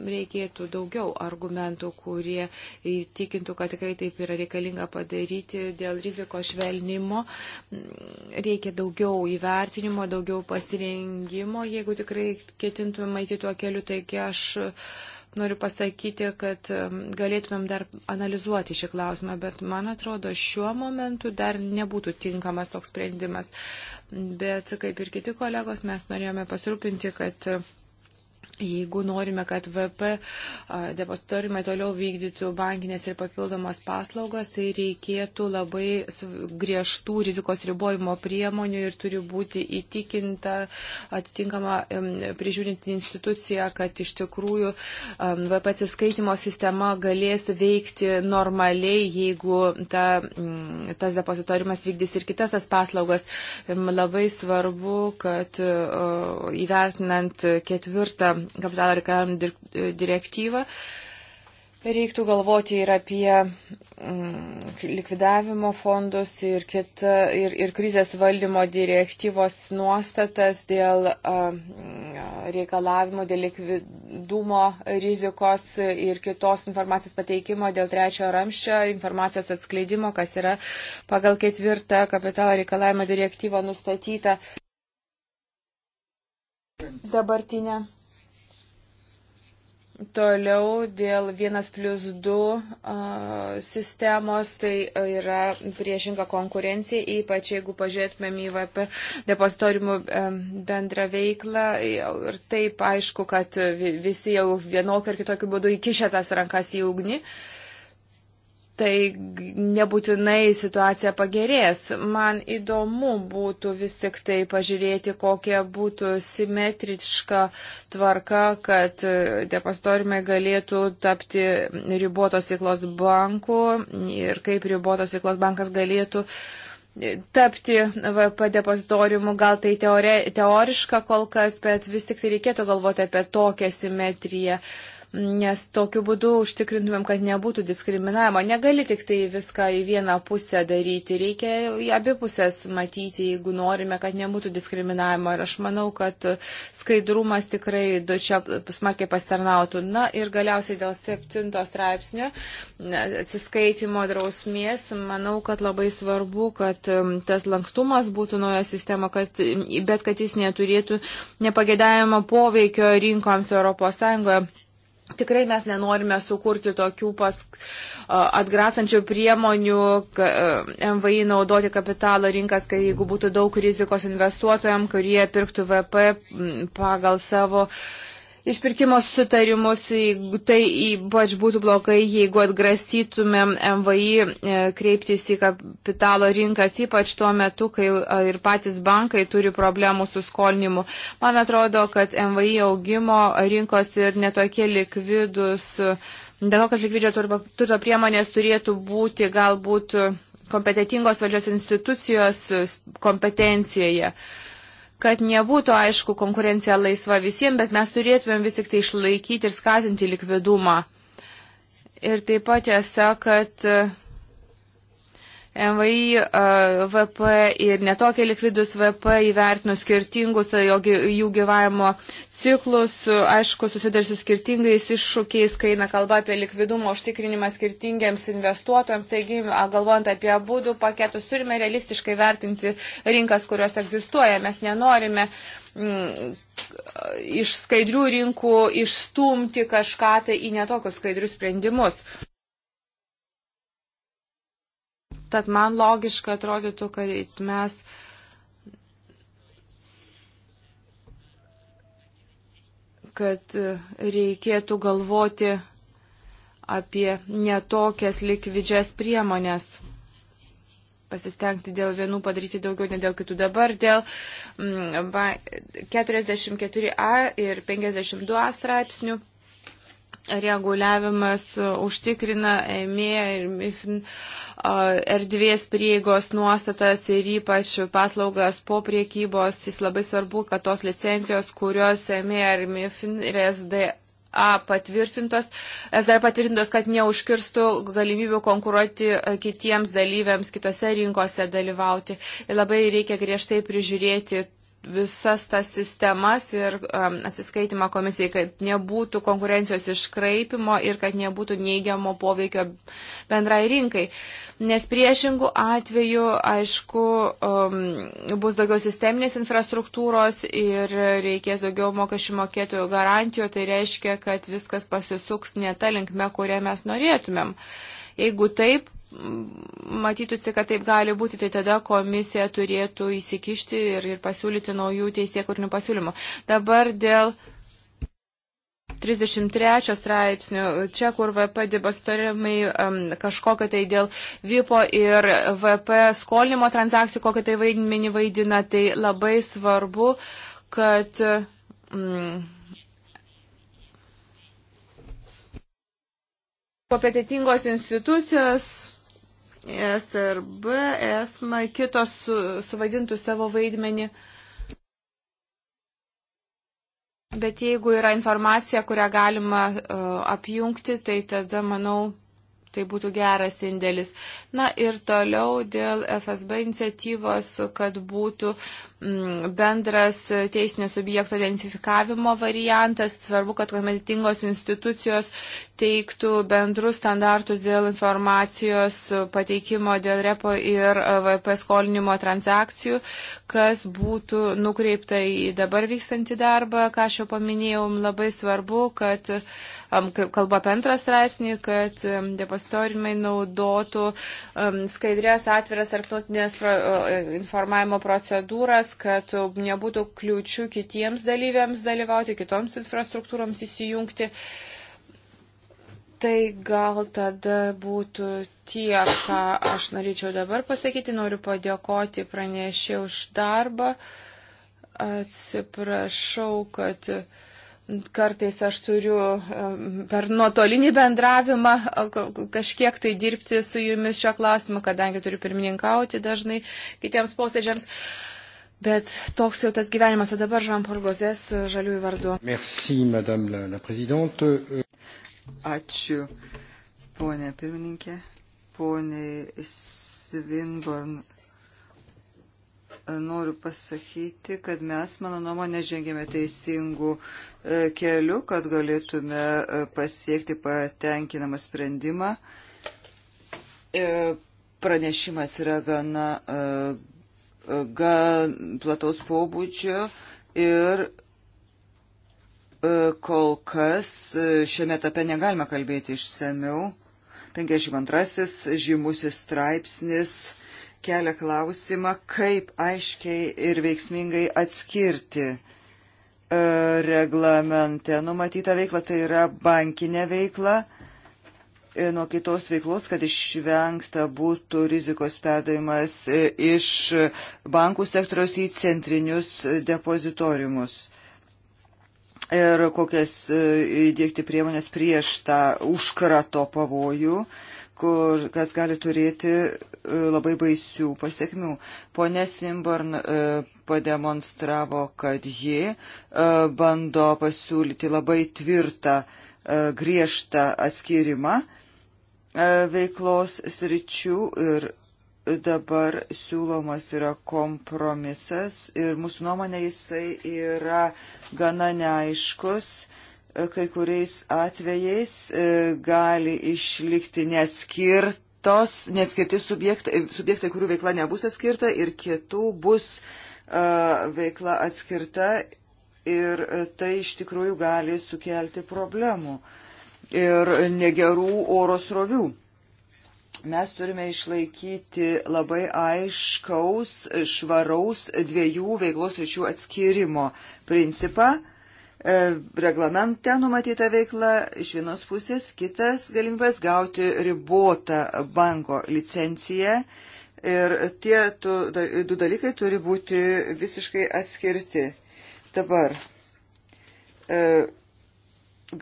reikėtų daugiau argumentų, kurie įtikintų, kad tikrai taip yra reikalinga padaryti dėl rizikos švelnimo. Reikia daugiau įvertinimo, daugiau pasirengimo. Jeigu tikrai ketintume maityti tuo keliu, taigi aš noriu pasakyti, kad galėtumėm dar analizuoti šį klausimą, bet man atrodo, šiuo momentu dar nebūtų tinkamas toks sprendimas. Bet kaip ir kiti kolegos, mes norėjome pasirūpinti, kad Jeigu norime, kad VP depozitorimai toliau vykdytų bankinės ir papildomas paslaugas, tai reikėtų labai griežtų rizikos ribojimo priemonių ir turi būti įtikinta atitinkama prižiūrinti institucija, kad iš tikrųjų VP atsiskaitimo sistema galės veikti normaliai, jeigu ta, tas depozitorimas vykdys ir kitas tas paslaugas. Labai svarbu, kad įvertinant ketvirtą kapitalo reikalavimų direktyvą. Reiktų galvoti ir apie mm, likvidavimo fondus ir, kita, ir, ir krizės valdymo direktyvos nuostatas dėl mm, reikalavimo, dėl likvidumo rizikos ir kitos informacijos pateikimo, dėl trečiojo ramščio informacijos atskleidimo, kas yra pagal ketvirtą kapitalo reikalavimo direktyvą nustatyta dabartinė Toliau dėl 1 plus 2 uh, sistemos tai yra priešinga konkurencija, ypač jeigu pažiūrėtumėm į VP depozitoriumų um, bendrą veiklą. Ir taip aišku, kad visi jau vienokiu ar kitokiu būdu įkišė tas rankas į ugnį. Uh, tai nebūtinai situacija pagerės. Man įdomu būtų vis tik tai pažiūrėti, kokia būtų simetriška tvarka, kad depozitorimai galėtų tapti ribotos veiklos banku ir kaip ribotos veiklos bankas galėtų tapti VP depozitoriumu, gal tai teore, teoriška kol kas, bet vis tik tai reikėtų galvoti apie tokią simetriją. Uh, nes tokiu būdu užtikrintumėm, kad nebūtų diskriminavimo. Negali tik tai viską į vieną pusę daryti, reikia į abi pusės matyti, jeigu norime, kad nebūtų diskriminavimo. Ir aš manau, kad skaidrumas tikrai čia smarkiai pastarnautų. Na ir galiausiai dėl septinto straipsnio atsiskaitimo drausmės, manau, kad labai svarbu, kad um, tas lankstumas būtų nauja sistema, kad, um, bet kad jis neturėtų nepagėdavimo poveikio rinkoms Europos Sąjungoje Tikrai mes nenorime sukurti tokių pas, atgrasančių priemonių MVI naudoti kapitalo rinkas, kad jeigu būtų daug rizikos investuotojams, kurie pirktų VP pagal savo uh, išpirkimo sutarimus, tai ypač būtų blogai, jeigu atgrasytumėm MVI e, kreiptis į kapitalo rinkas, ypač tuo metu, kai e, ir patys bankai turi problemų su skolinimu. Man atrodo, kad MVI augimo rinkos ir netokie likvidus, dėl to, kad likvidžio turto priemonės turėtų būti galbūt kompetitingos valdžios institucijos kompetencijoje. Uh, kad nebūtų aišku konkurencija laisva visiems, bet mes turėtumėm vis tik tai išlaikyti ir skatinti likvidumą. Ir taip pat tiesa, kad e, MVI, e, VP ir netokie likvidus VP įvertinus skirtingus tai jų gyvavimo ciklus, aišku, susidurs su skirtingais iššūkiais, kai eina kalba apie likvidumo užtikrinimą skirtingiems investuotojams. Taigi, galvojant apie būdų paketus, turime realistiškai vertinti rinkas, kurios egzistuoja. Mes nenorime mm, iš skaidrių rinkų išstumti kažką tai į netokius skaidrius sprendimus. Tad man logiška atrodytų, kad mes. Uh, kad reikėtų galvoti apie netokias likvidžias priemonės pasistengti dėl vienų padaryti daugiau, ne dėl kitų. Dabar dėl 44a mm, ir 52a straipsnių reguliavimas užtikrina EMEA ir MIFIN erdvės prieigos nuostatas ir ypač paslaugas po priekybos. Jis labai svarbu, kad tos licencijos, kurios EMEA ir MIFIN ir SD. Patvirtintos, SDR patvirtintos, kad neužkirstų galimybių konkuruoti kitiems dalyviams, kitose rinkose dalyvauti. Ir labai reikia griežtai prižiūrėti visas tas sistemas ir um, atsiskaitimą komisijai, kad nebūtų konkurencijos iškraipimo ir kad nebūtų neigiamo poveikio bendrai rinkai. Nes priešingų atveju, aišku, um, bus daugiau sisteminės infrastruktūros ir reikės daugiau mokesčių mokėtojų garantijų, tai reiškia, kad viskas pasisuks ne tą linkme, kurią mes norėtumėm. Jeigu taip, matytųsi, kad taip gali būti, tai tada komisija turėtų įsikišti ir, ir pasiūlyti naujų teisėkurnių pasiūlymų. Dabar dėl 33 straipsnių, čia kur VP debasitorimai um, kažkokio tai dėl VIPO ir VP skolinimo transakcijų, kokį tai vaidmenį vaidina, tai labai svarbu, kad. Um, mm, kompetitingos institucijos SRB, ESMA, kitos su, suvaidintų savo vaidmenį. Bet jeigu yra informacija, kurią galima uh, apjungti, tai tada, manau, tai būtų geras indėlis. Na ir toliau dėl FSB iniciatyvos, kad būtų mm, bendras teisinio subjekto identifikavimo variantas. Svarbu, kad kompetentingos institucijos teiktų bendrus standartus dėl informacijos pateikimo dėl repo ir VP skolinimo transakcijų, kas būtų nukreipta į dabar vykstantį darbą. Ką aš jau paminėjau, labai svarbu, kad kalba apie antrą straipsnį, kad depozitorimai naudotų skaidrės atviras tarptautinės e, informavimo procedūras, kad nebūtų kliūčių kitiems dalyviams dalyvauti, kitoms infrastruktūroms įsijungti. Tai gal tada būtų tiek, ką aš norėčiau dabar pasakyti. Noriu padėkoti pranešė už darbą. Atsiprašau, kad uh, kartais aš turiu per nuotolinį bendravimą kažkiek tai dirbti su jumis šio klausimu, kadangi turiu pirmininkauti dažnai kitiems posėdžiams. Bet toks jau tas gyvenimas, o dabar Žampol Gozės žaliųjų
vardu. Merci, madame la, la prezidente. Ačiū, ponė pirmininkė, ponė Svinborn noriu pasakyti, kad mes, mano nuomonė, žengėme teisingų e, kelių, kad galėtume e, pasiekti patenkinamą sprendimą. E, pranešimas yra gana, gana plataus pobūdžio ir kol kas šiame etape negalime kalbėti išsamiau. 52 žymusis straipsnis kelia klausimą, kaip aiškiai ir veiksmingai atskirti e, reglamente numatytą veiklą, tai yra bankinę veiklą e, nuo kitos veiklos, kad išvengta būtų rizikos perdavimas e, iš bankų sektoriaus į centrinius depozitoriumus. Ir kokias įdėkti priemonės prieš tą užkrato pavojų. Uh, kur kas gali turėti e, labai baisių pasiekmių. Pone Simborn e, pademonstravo, kad ji e, bando pasiūlyti labai tvirtą, griežtą atskirimą veiklos sričių ir dabar siūlomas yra kompromisas ir mūsų nuomonė jisai yra gana neaiškus kai kuriais atvejais e, gali išlikti neatskirtos, neskirti subjektai, subjektai, kurių veikla nebus atskirta ir kitų bus e, veikla atskirta ir e, tai iš tikrųjų gali sukelti problemų ir negerų oro srovių. Mes turime išlaikyti labai aiškaus, švaraus dviejų veiklos ryčių atskirimo principą E, reglamente numatyta veikla iš vienos pusės, kitas galimybės gauti ribotą banko licenciją. Ir tie tu, du dalykai turi būti visiškai atskirti. Dabar e,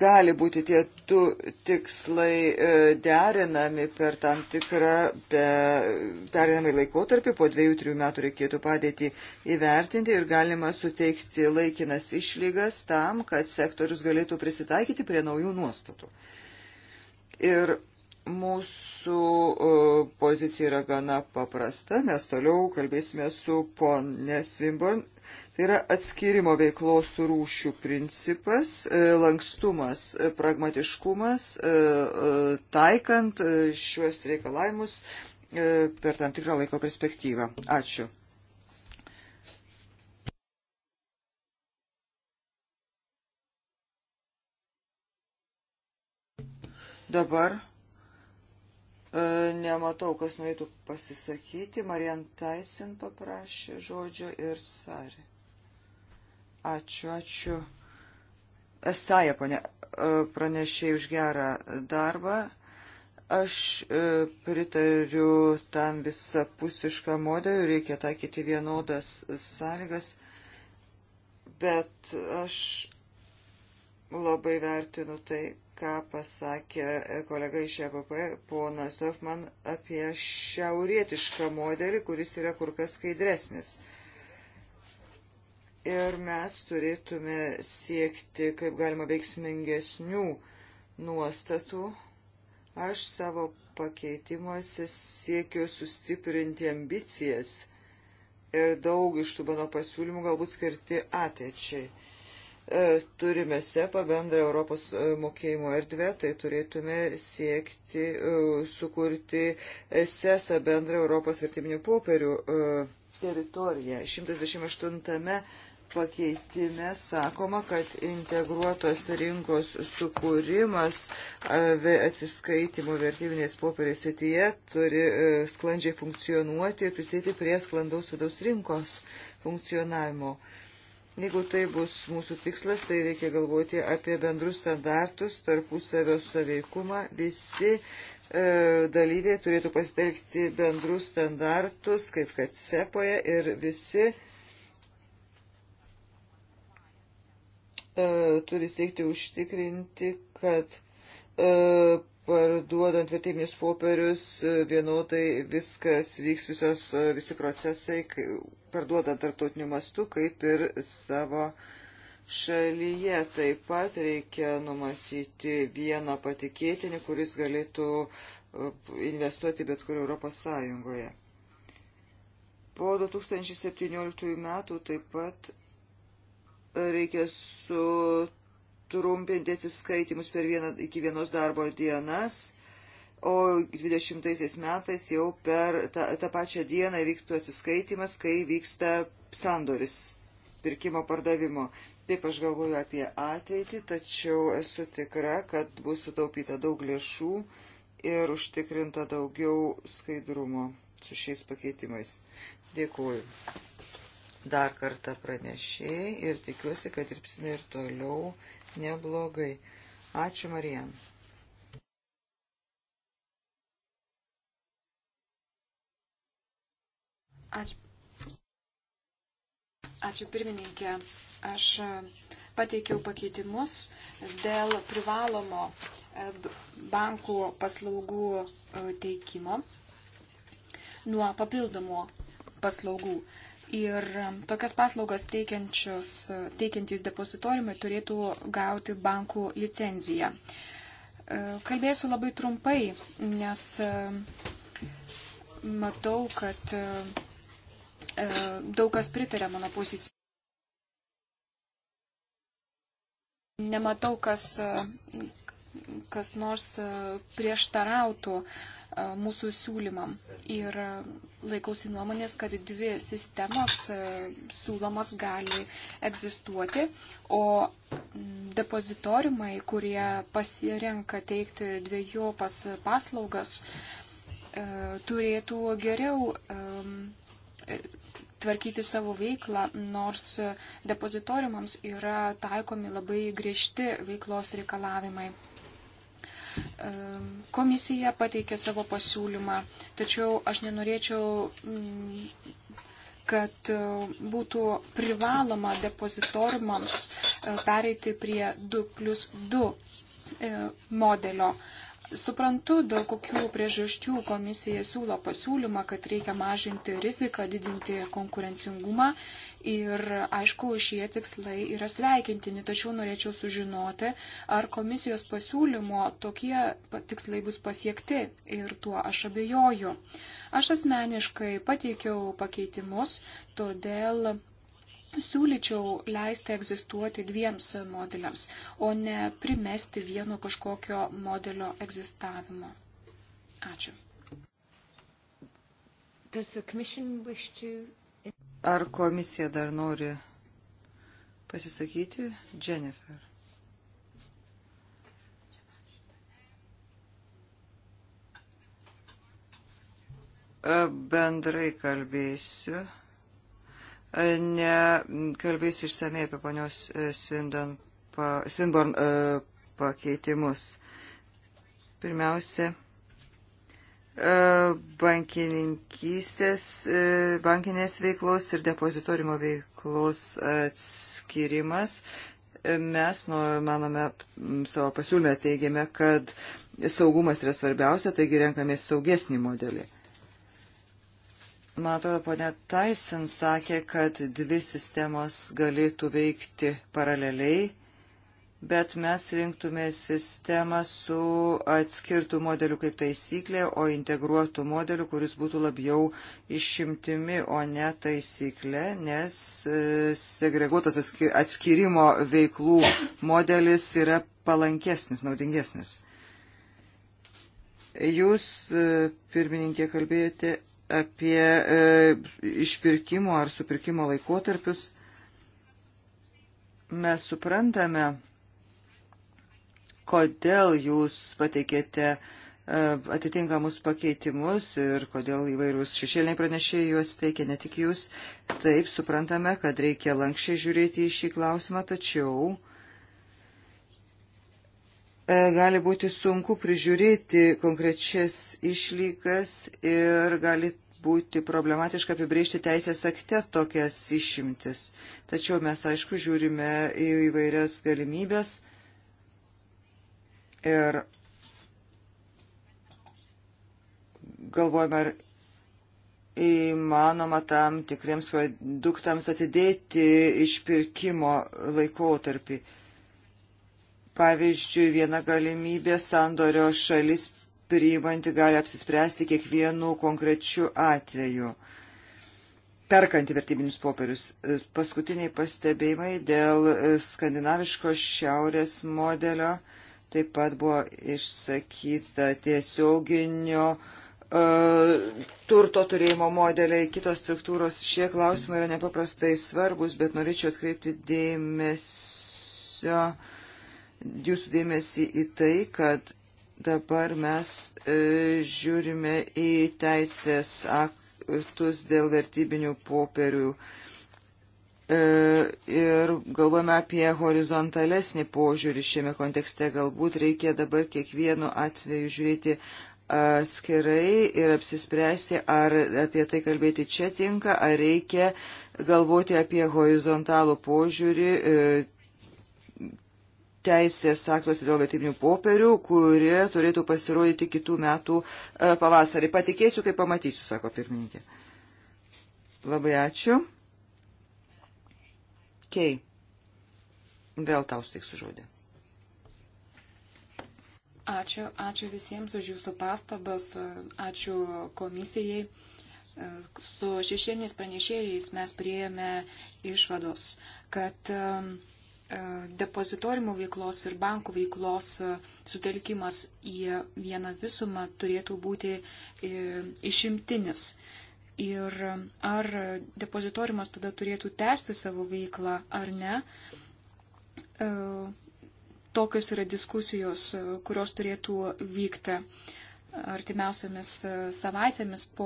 gali būti tie aktų tikslai e, derinami per tam tikrą perinamai laikotarpį, po dviejų, trijų metų reikėtų padėti įvertinti ir galima suteikti laikinas išlygas tam, kad sektorius galėtų prisitaikyti prie naujų nuostatų. Ir mūsų e, pozicija yra gana paprasta, mes toliau kalbėsime su ponė Svimborn Tai yra atskirimo veiklos rūšių principas, e, lankstumas, e, pragmatiškumas, e, taikant šiuos reikalavimus per tam tikrą laiko perspektyvą. Ačiū. Dabar E, nematau, kas norėtų pasisakyti. Marian Taisin paprašė žodžio ir Sari. Ačiū, ačiū. Esaja, ponė, e, pranešė už gerą darbą. Aš e, pritariu tam visapusišką modeliu, reikia taikyti vienodas sąlygas, bet aš labai vertinu tai, ką pasakė kolega iš EPP, ponas Dorfman, apie šiaurietišką modelį, kuris yra kur kas skaidresnis. Ir mes turėtume siekti, kaip galima, veiksmingesnių nuostatų. Aš savo pakeitimuose siekiu sustiprinti ambicijas ir daug iš tų mano pasiūlymų galbūt skirti ateičiai E, turime SEPA bendrą Europos e, mokėjimo erdvę, tai turėtume siekti e, sukurti SESA bendrą Europos vertybinių popierių teritoriją. 128 pakeitime sakoma, kad integruotos rinkos sukūrimas atsiskaitimo vertybinės popieriais sityje turi sklandžiai funkcionuoti ir prisidėti prie sklandaus vidaus rinkos funkcionavimo. Jeigu tai bus mūsų tikslas, tai reikia galvoti apie bendrus standartus, tarpusavio saveikumą. Visi e, dalyviai turėtų pasitelkti bendrus standartus, kaip kad sepoje ir visi e, turi siekti užtikrinti, kad e, parduodant vertybinius popierius, e, vienodai viskas vyks visos, e, visi procesai, parduodant tarptautiniu mastu, kaip ir savo šalyje. Taip pat reikia numatyti vieną patikėtinį, kuris galėtų e, investuoti bet kur Europos Sąjungoje. Po 2017 metų taip pat reikia su trumpinti atsiskaitimus per vieną, iki vienos darbo dienas, o 20 metais jau per tą, tą pačią dieną vyktų atsiskaitimas, kai vyksta sandoris pirkimo pardavimo. Taip aš galvoju apie ateitį, tačiau esu tikra, kad bus sutaupyta daug lėšų ir užtikrinta daugiau skaidrumo su šiais pakeitimais. Dėkuoju. Dar kartą pranešėjai ir tikiuosi, kad dirbsime ir toliau neblogai. Ačiū, Marijan.
Ačiū. Ačiū pirmininkė. Aš e, pateikiau pakeitimus dėl privalomo e, bankų paslaugų e, teikimo nuo papildomų paslaugų. Ir e, tokias paslaugas e, teikiantys depozitoriumai turėtų gauti bankų licenciją. E, kalbėsiu labai trumpai, nes matau, kad daug kas pritarė mano pozicijai. Nematau, kas, kas nors prieštarautų mūsų siūlymam. Ir laikausi nuomonės, kad dvi sistemos siūlomas gali egzistuoti, o depozitoriumai, kurie pasirenka teikti dviejopas paslaugas, turėtų geriau e, tvarkyti savo veiklą, nors depozitoriumams yra taikomi labai griežti veiklos reikalavimai. Komisija pateikė savo pasiūlymą, tačiau aš nenorėčiau, mm, kad e, būtų privaloma depozitorumams e, pereiti prie 2 plus 2 e, modelio. Suprantu, dėl kokių priežasčių komisija siūlo pasiūlymą, kad reikia mažinti riziką, didinti konkurencingumą Ir aišku, šie tikslai yra sveikintini, tačiau norėčiau sužinoti, ar komisijos pasiūlymo tokie tikslai bus pasiekti ir tuo aš abejoju. Aš asmeniškai pateikiau pakeitimus, todėl siūlyčiau leisti egzistuoti dviems modeliams, o ne primesti vieno kažkokio modelio egzistavimo.
Ačiū. Does the Commission wish to Ar komisija dar nori pasisakyti? Jennifer. Bendrai kalbėsiu. Ne, kalbėsiu išsamei apie ponios e, Svindon, pa, Svinborn e, pakeitimus. Pirmiausia, E, bankininkystės, e, bankinės veiklos ir depozitorimo veiklos atskirimas. E, mes, nu, manome, savo pasiūlymę teigiame, kad saugumas yra svarbiausia, taigi renkamės saugesnį modelį. Man atrodo, ponia Tyson sakė, kad dvi sistemos galėtų veikti paraleliai bet mes rinktume sistemą su atskirtų modeliu kaip taisyklė, o integruotų modeliu, kuris būtų labiau išimtimi, o ne taisyklė, nes e, segreguotas atskirimo veiklų modelis yra palankesnis, naudingesnis. Jūs, e, pirmininkė, kalbėjote apie e, išpirkimo ar supirkimo laikotarpius. Mes suprantame, kodėl jūs pateikėte e, atitinkamus pakeitimus ir kodėl įvairūs šešėliniai pranešėjai juos teikia, ne tik jūs. Taip, suprantame, kad reikia lankščiai žiūrėti į šį klausimą, tačiau e, gali būti sunku prižiūrėti konkrečias išlygas ir gali būti problematiška apibriežti teisės akte tokias išimtis. Tačiau mes, aišku, žiūrime į įvairias galimybės Ir galvojame, ar įmanoma tam tikriems produktams atidėti išpirkimo laikotarpį. Pavyzdžiui, viena galimybė sandorio šalis priimanti gali apsispręsti kiekvienu konkrečiu atveju, perkant vertybinius popierius. Paskutiniai pastebėjimai dėl skandinaviško šiaurės modelio – Taip pat buvo išsakyta tiesioginio e, turto turėjimo modeliai, kitos struktūros. Šie klausimai yra nepaprastai svarbus, bet norėčiau atkreipti dėmesio, jūsų dėmesį į tai, kad dabar mes e, žiūrime į teisės aktus dėl vertybinių popierių E, ir galvojame apie horizontalesnį požiūrį šiame kontekste. Galbūt reikia dabar kiekvienu atveju žiūrėti atskirai ir apsispręsti, ar apie tai kalbėti čia tinka, ar reikia galvoti apie horizontalų požiūrį e, teisės aktuose dėl vertybinių popierių, kurie turėtų pasirodyti kitų metų e, pavasarį. Patikėsiu, kai pamatysiu, sako pirmininkė. Labai ačiū. Kei, vėl tau steiksiu žodį.
Ačiū, ačiū visiems už jūsų pastabas, ačiū komisijai. Su šešėliniais pranešėjais mes prieėmė išvados, kad um, e, depozitorimų veiklos ir bankų veiklos e, sutelkimas į vieną visumą turėtų būti e, išimtinis ir ar depozitoriumas tada turėtų tęsti savo veiklą ar ne. E, tokios yra diskusijos, e, kurios turėtų vykti artimiausiamis e, savaitėmis po,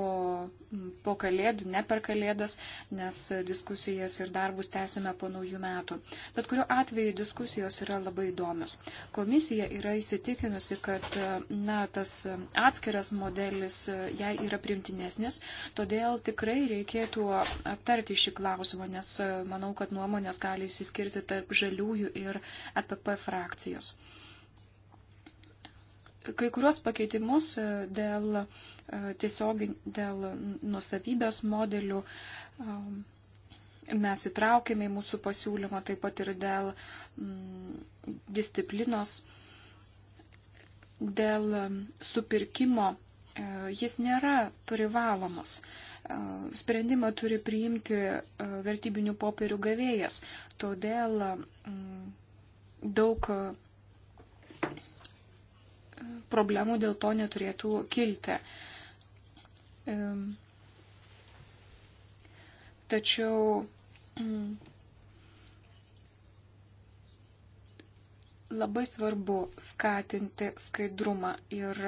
po kalėdų, ne per kalėdas, nes diskusijas ir darbus tęsime po naujų metų. Bet kuriuo atveju diskusijos yra labai įdomios. Komisija yra įsitikinusi, kad e, na, tas atskiras modelis e, jai yra primtinesnis, todėl tikrai reikėtų aptarti šį klausimą, nes manau, kad nuomonės gali įsiskirti tarp žaliųjų ir EPP frakcijos kai kurios pakeitimus e, dėl e, tiesiog dėl nusavybės modelių mes įtraukėme į mūsų pasiūlymą, taip pat ir dėl disciplinos, dėl supirkimo. E, jis nėra privalomas. Sprendimą turi priimti vertybinių popierių gavėjas. Todėl daug problemų dėl to neturėtų kilti. Tačiau mm, labai svarbu skatinti skaidrumą ir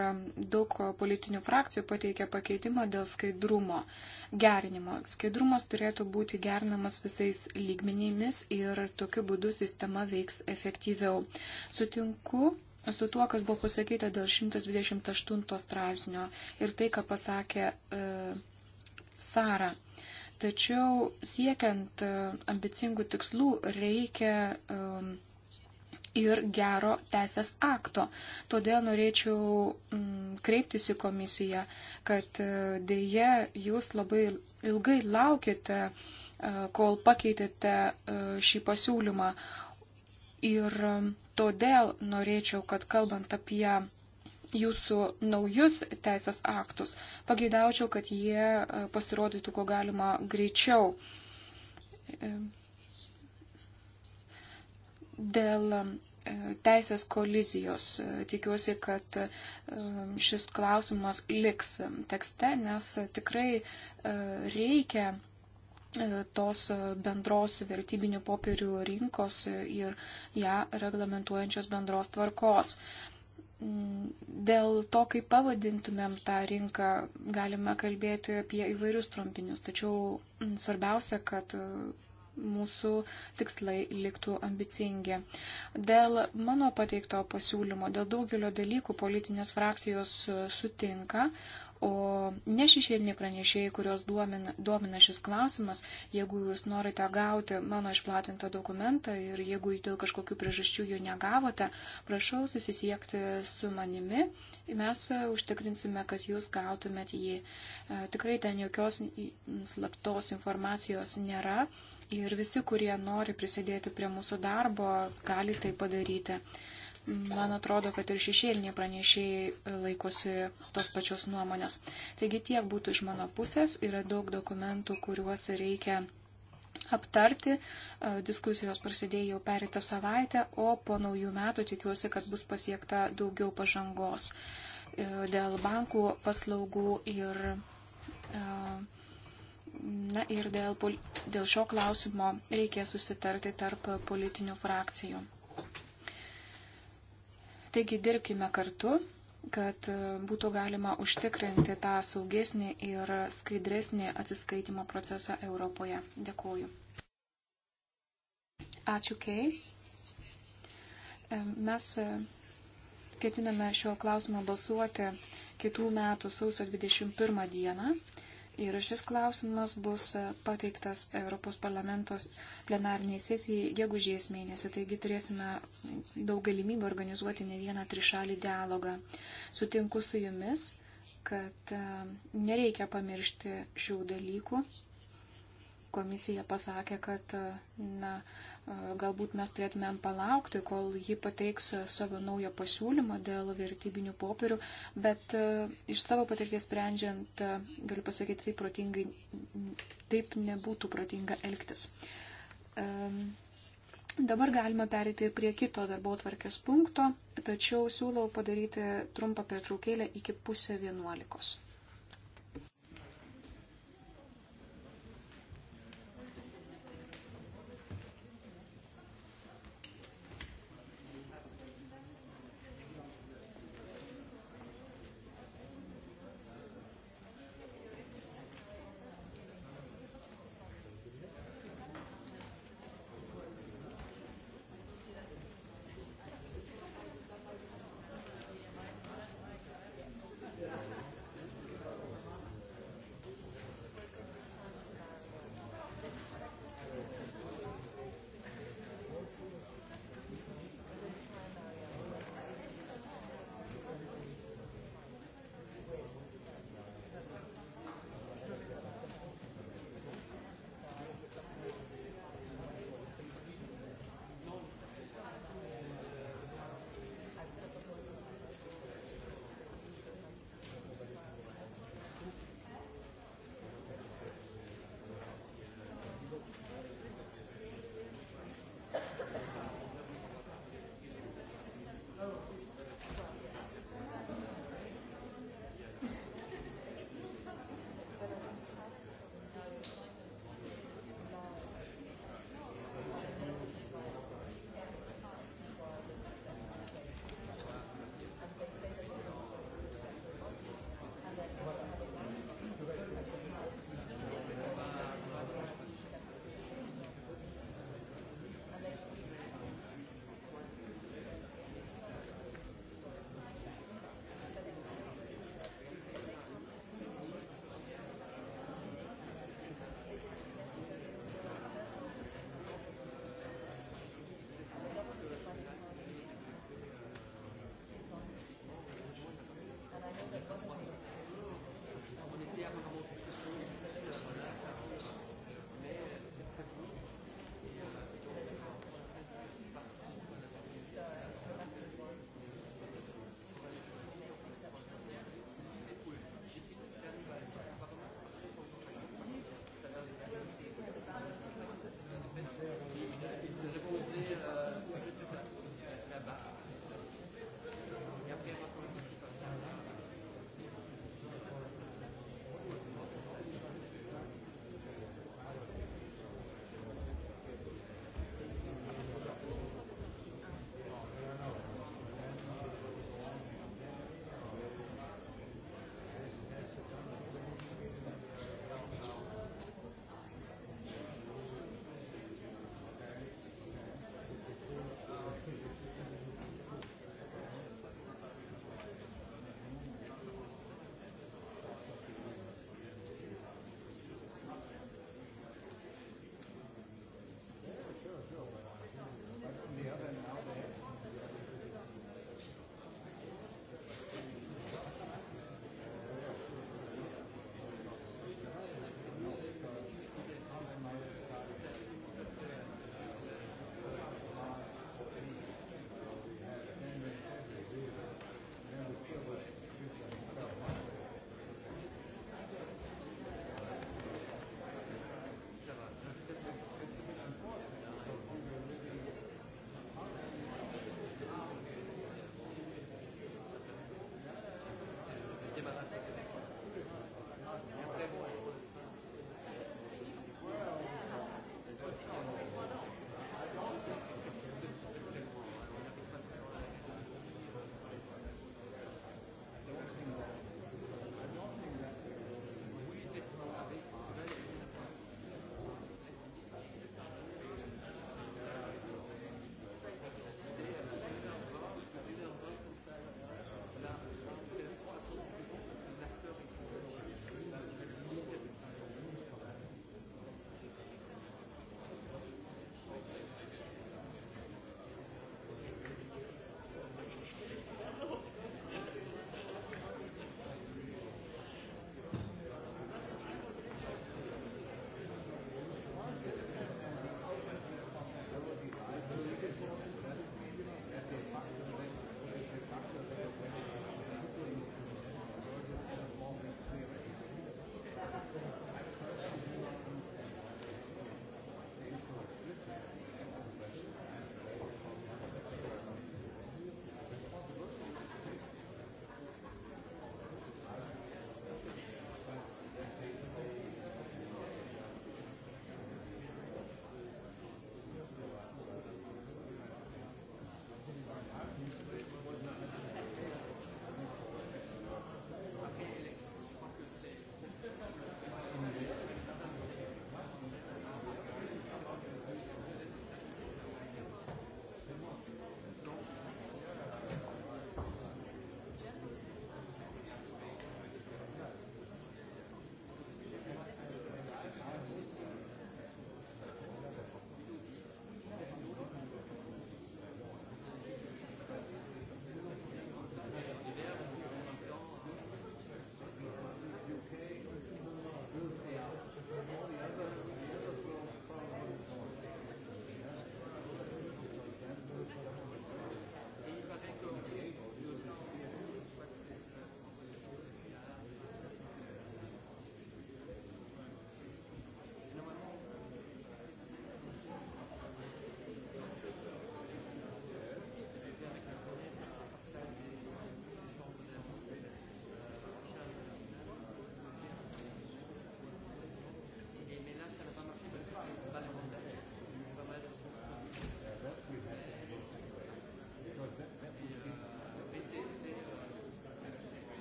daug politinių frakcijų pateikia pakeitimą dėl skaidrumo gerinimo. Skaidrumas turėtų būti gerinamas visais lygmenimis ir tokiu būdu sistema veiks efektyviau. Sutinku su tuo, kas buvo pasakyta dėl 128 straipsnio ir tai, ką pasakė e, Sara. Tačiau siekiant e, ambicingų tikslų reikia e, ir gero teisės akto. Todėl norėčiau mm, kreiptis į komisiją, kad e, dėje jūs labai ilgai laukite, e, kol pakeitėte e, šį pasiūlymą, Ir um, todėl norėčiau, kad kalbant apie jūsų naujus teisės aktus, pageidaučiau, kad jie e, pasirodytų kuo galima greičiau. Dėl um, e, teisės kolizijos. E, tikiuosi, kad um, šis klausimas liks tekste, nes tikrai reikia E, tos bendros vertybinių popierių rinkos ir ją reglamentuojančios bendros tvarkos. Mm, dėl to, kaip pavadintumėm tą rinką, galime kalbėti apie įvairius trumpinius, tačiau mm, svarbiausia, kad e, mūsų tikslai liktų ambicingi. Dėl mano pateikto pasiūlymo, dėl daugelio dalykų politinės frakcijos e, sutinka, O ne šešėliniai pranešėjai, kurios duomina, duomina šis klausimas, jeigu jūs norite gauti mano išplatintą dokumentą ir jeigu dėl kažkokių priežasčių jo negavote, prašau susisiekti su manimi. Mes užtikrinsime, kad jūs gautumėt jį. E, tikrai ten jokios slaptos informacijos nėra. Ir visi, kurie nori prisidėti prie mūsų darbo, gali tai padaryti. Man atrodo, kad ir šešėliniai pranešėjai laikosi tos pačios nuomonės. Taigi tiek būtų iš mano pusės. Yra daug dokumentų, kuriuos reikia aptarti. Diskusijos prasidėjo jau perėtą savaitę, o po naujų metų tikiuosi, kad bus pasiekta daugiau pažangos e, dėl bankų paslaugų ir, e, na, ir dėl, dėl šio klausimo reikia susitarti tarp politinių frakcijų. Taigi dirbkime kartu, kad e, būtų galima užtikrinti tą saugesnį ir skaidresnį atsiskaitimo procesą Europoje. Dėkuoju. Ačiū, Kei. E, mes e, ketiname šio klausimo balsuoti kitų metų sausio 21 dieną. Ir šis klausimas bus pateiktas Europos parlamentos plenarniai sesijai gegužės mėnesį, taigi turėsime daug galimybių organizuoti ne vieną trišalį dialogą. Sutinku su jumis, kad e, nereikia pamiršti šių dalykų komisija pasakė, kad na, galbūt mes turėtumėm palaukti, kol ji pateiks savo naują pasiūlymą dėl vertybinių popierių, bet e, iš savo patirties sprendžiant, e, galiu pasakyti, taip, protingai, taip nebūtų protinga elgtis. E, dabar galima perėti prie kito darbo tvarkės punkto, tačiau siūlau padaryti trumpą pertraukėlę iki pusę vienuolikos.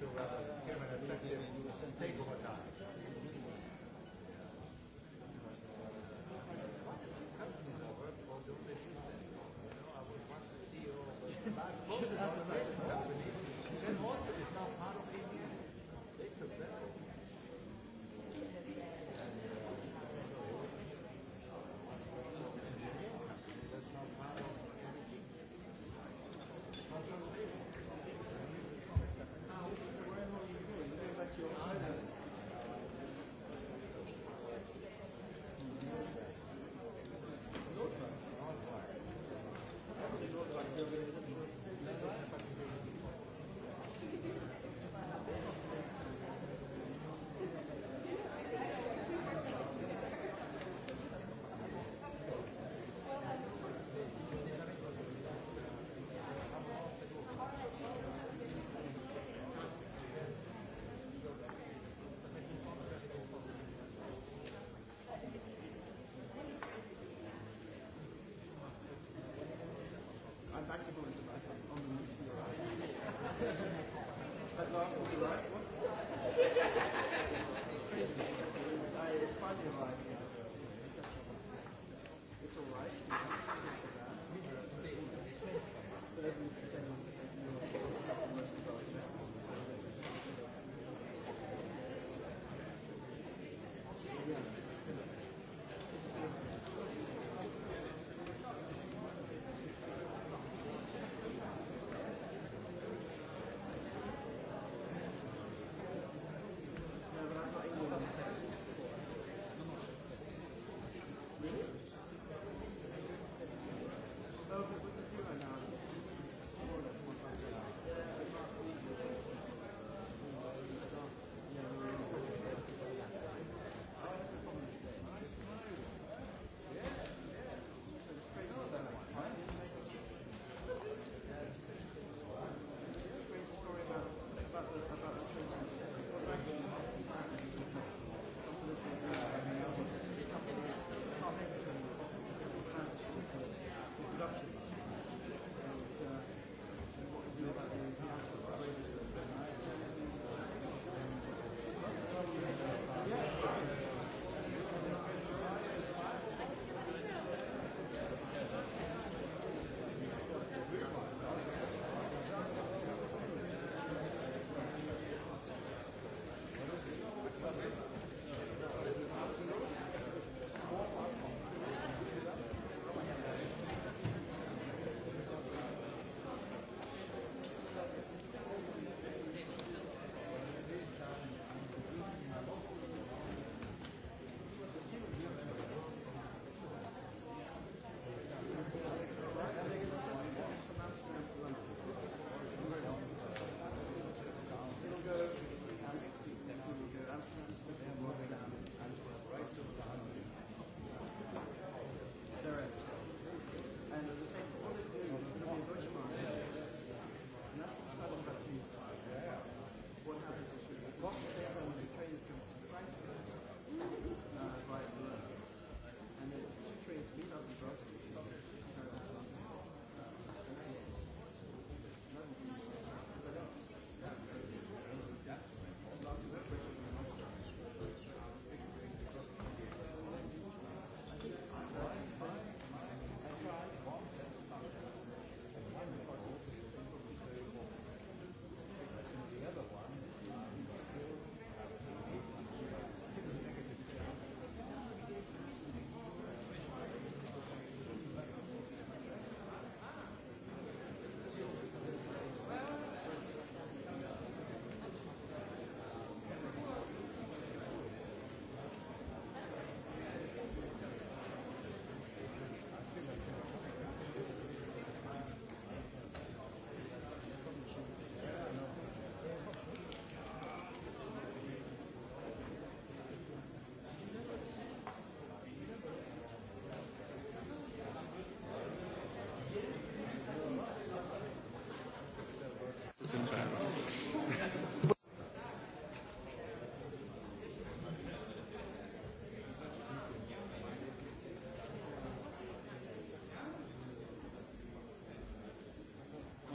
to uh, give an effective takeover time. Thank you.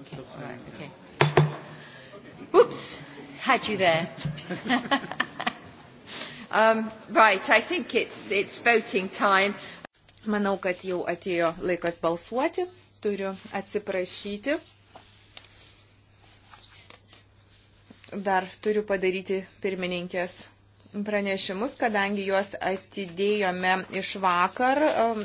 All right, okay. Whoops, had you there. um,
right, I think it's, it's voting time. Manau, kad jau atėjo laikas balsuoti. Turiu atsiprašyti. Dar turiu padaryti pirmininkės pranešimus, kadangi juos atidėjome iš vakar, um,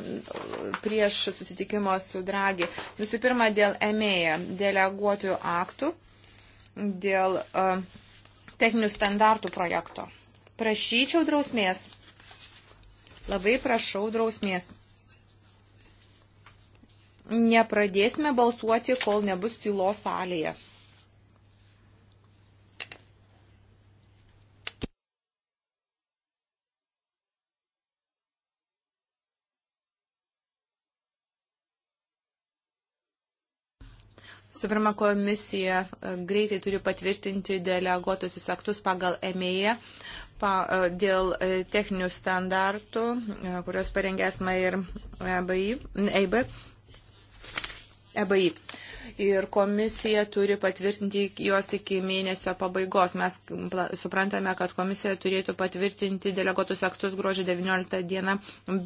prieš susitikimo su Dragi. Visų pirma, dėl EMEA, deleguotojų aktų, dėl e, techninių standartų projekto. Prašyčiau drausmės. Labai prašau drausmės. Nepradėsime balsuoti, kol nebus tylos salėje. Visų pirma, komisija e, greitai turi patvirtinti deleguotusius aktus pagal EMEA pa, e, dėl e, techninių standartų, kurios parengęs MA ir EIB. EBI. Ir komisija turi patvirtinti jos iki mėnesio pabaigos. Mes suprantame, kad komisija turėtų patvirtinti deleguotus aktus gruodžio 19 dieną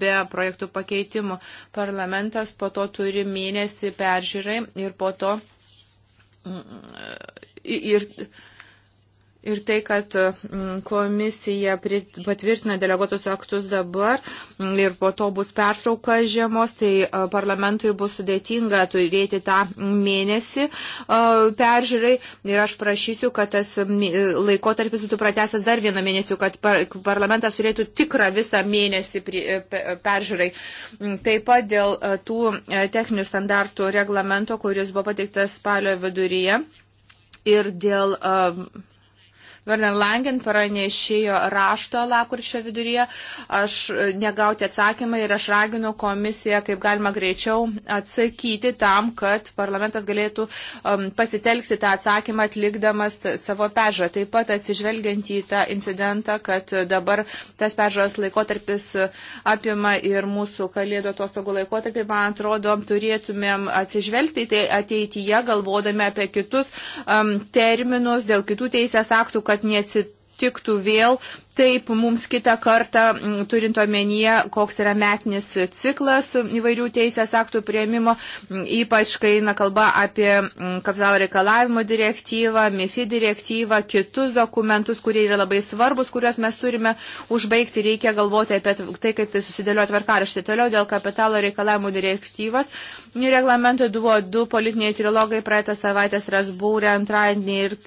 be projektų pakeitimų. Parlamentas po to turi mėnesį peržiūrai ir po to Mm, ir Ir tai, kad mm, komisija patvirtina deleguotus aktus dabar mm, ir po to bus pertrauka žiemos, tai parlamentui bus sudėtinga turėti tą mėnesį peržiūrai. Ir aš prašysiu, kad tas laikotarpis būtų pratęsęs dar vieną mėnesį, kad parlamentas turėtų tikrą visą mėnesį e, e, peržiūrai. Mm, taip pat dėl e, tų techninių standartų reglamento, kuris buvo pateiktas spalio viduryje. Ir dėl uh, Werner Langen pranešėjo rašto lakurčio viduryje. Aš e, negauti atsakymą ir aš raginu komisiją, kaip galima greičiau atsakyti tam, kad parlamentas galėtų um, pasitelkti tą atsakymą atlikdamas savo pežą. Taip pat atsižvelgiant į tą incidentą, kad dabar tas pežos laikotarpis apima ir mūsų kalėdų atostogų laikotarpį, man atrodo, turėtumėm atsižvelgti tai ateityje, galvodami apie kitus um, terminus dėl kitų teisės aktų, kad kad neatsitiktų vėl taip mums kitą kartą, turint omenyje, koks yra metinis ciklas įvairių teisės aktų prieimimo, ypač kai eina kalba apie kapitalo reikalavimo direktyvą, MIFI direktyvą, kitus dokumentus, kurie yra labai svarbus, kuriuos mes turime užbaigti, reikia galvoti apie tai, kaip tai susidėlio tvarkaraštį. Toliau dėl kapitalo reikalavimo direktyvas. Reglamentui buvo du politiniai trilogai praeitą savaitę Rasbūrė antradienį ir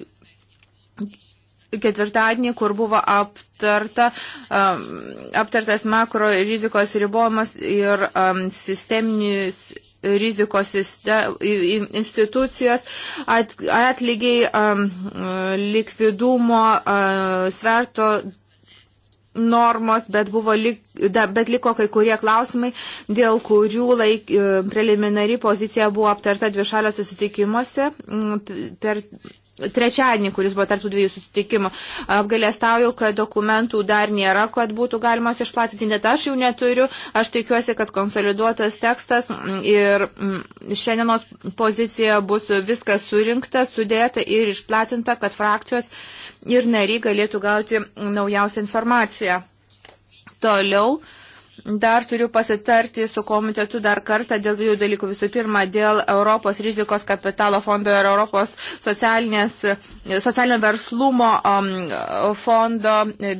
ketvirtadienį, kur buvo aptarta, um, aptartas makro rizikos ribojimas ir um, sisteminis rizikos institucijos at, atlygiai um, likvidumo uh, sverto normos, bet, buvo, lik, da, bet liko kai kurie klausimai, dėl kurių laik, preliminari pozicija buvo aptarta dvišalio susitikimuose per trečiadienį, kuris buvo tarptų dviejų susitikimų. Apgalėstauju, kad dokumentų dar nėra, kad būtų galima išplatinti, net aš jau neturiu. Aš tikiuosi, kad konsoliduotas tekstas ir mm, šiandienos pozicija bus viskas surinkta, sudėta ir išplatinta, kad frakcijos ir nariai galėtų gauti naujausią informaciją. Toliau. Uh, Dar turiu pasitarti su komitetu dar kartą dėl dviejų dalykų. Visų pirma, dėl Europos rizikos kapitalo fondo ir Europos socialinio verslumo um, fondo.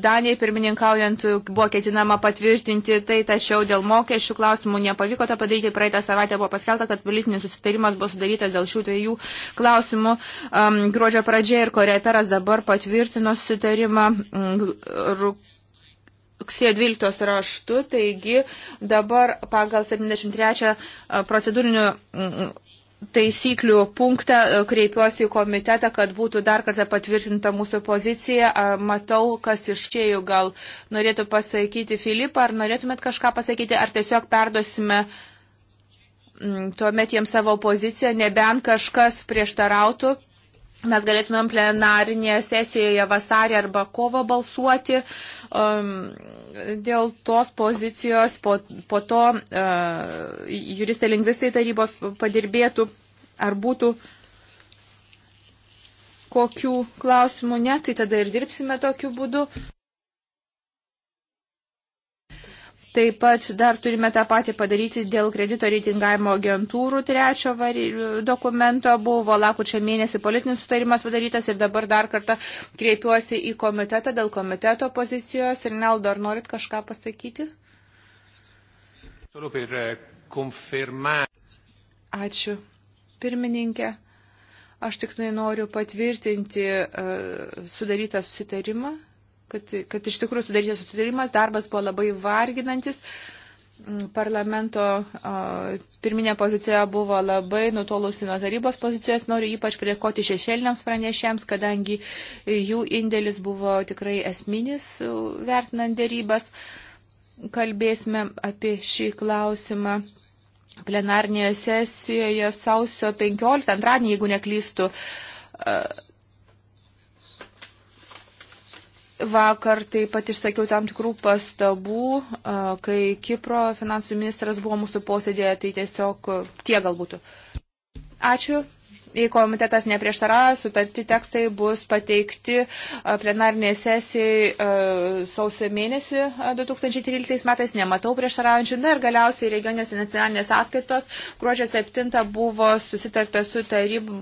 Danijai pirmininkaujant buvo ketinama patvirtinti tai, tačiau dėl mokesčių klausimų nepavyko to padaryti. Praeitą savaitę buvo paskelta, kad politinis susitarimas buvo sudarytas dėl šių dviejų klausimų um, gruodžio pradžioje ir Koreperas dabar patvirtino susitarimą um, rugsėjo 12 raštu, taigi dabar pagal 73 e, procedūrinių taisyklių punktą e, kreipiuosi į komitetą, kad būtų dar kartą patvirtinta mūsų pozicija. Matau, kas iš čia gal norėtų pasakyti Filipą, ar norėtumėt kažką pasakyti, ar tiesiog perdosime tuomet jiems savo poziciją, nebent kažkas prieštarautų mes galėtumėm plenarinėje sesijoje vasarį arba kovo balsuoti um, dėl tos pozicijos, po, po to uh, juristai lingvistai tarybos padirbėtų ar būtų kokių klausimų ne, tai tada ir dirbsime tokiu būdu. Taip pat dar turime tą patį padaryti dėl kredito reitingavimo agentūrų trečio dokumento. Buvo lakučio mėnesį politinis sutarimas padarytas ir dabar dar kartą kreipiuosi į komitetą dėl komiteto pozicijos. Ir Neldo, ar norit kažką pasakyti? Eh, Ačiū. Pirmininkė, aš tik noriu patvirtinti uh, sudarytą susitarimą kad, kad iš tikrųjų sudarytas sutarimas, darbas buvo labai varginantis. Mm, Parlamento uh, pirminė pozicija buvo labai nutolusi nuo tarybos pozicijos. Noriu ypač priekoti šešėliniams pranešėms, kadangi jų indėlis buvo tikrai esminis vertinant dėrybas. Kalbėsime apie šį klausimą plenarnėje sesijoje sausio 15 antradienį, jeigu neklystu. Uh, Vakar taip pat išsakiau tam tikrų pastabų, kai Kipro finansų ministras buvo mūsų posėdėje, tai tiesiog tie galbūt. Ačiū. Jei komitetas neprieštarauja, sutarti tekstai bus pateikti plenarnėje sesijoje sausio mėnesį 2013 metais. Nematau prieštaraujančių. Na ir galiausiai regioninės nacionalinės sąskaitos. Gruodžio 7 buvo susitarta su taryba,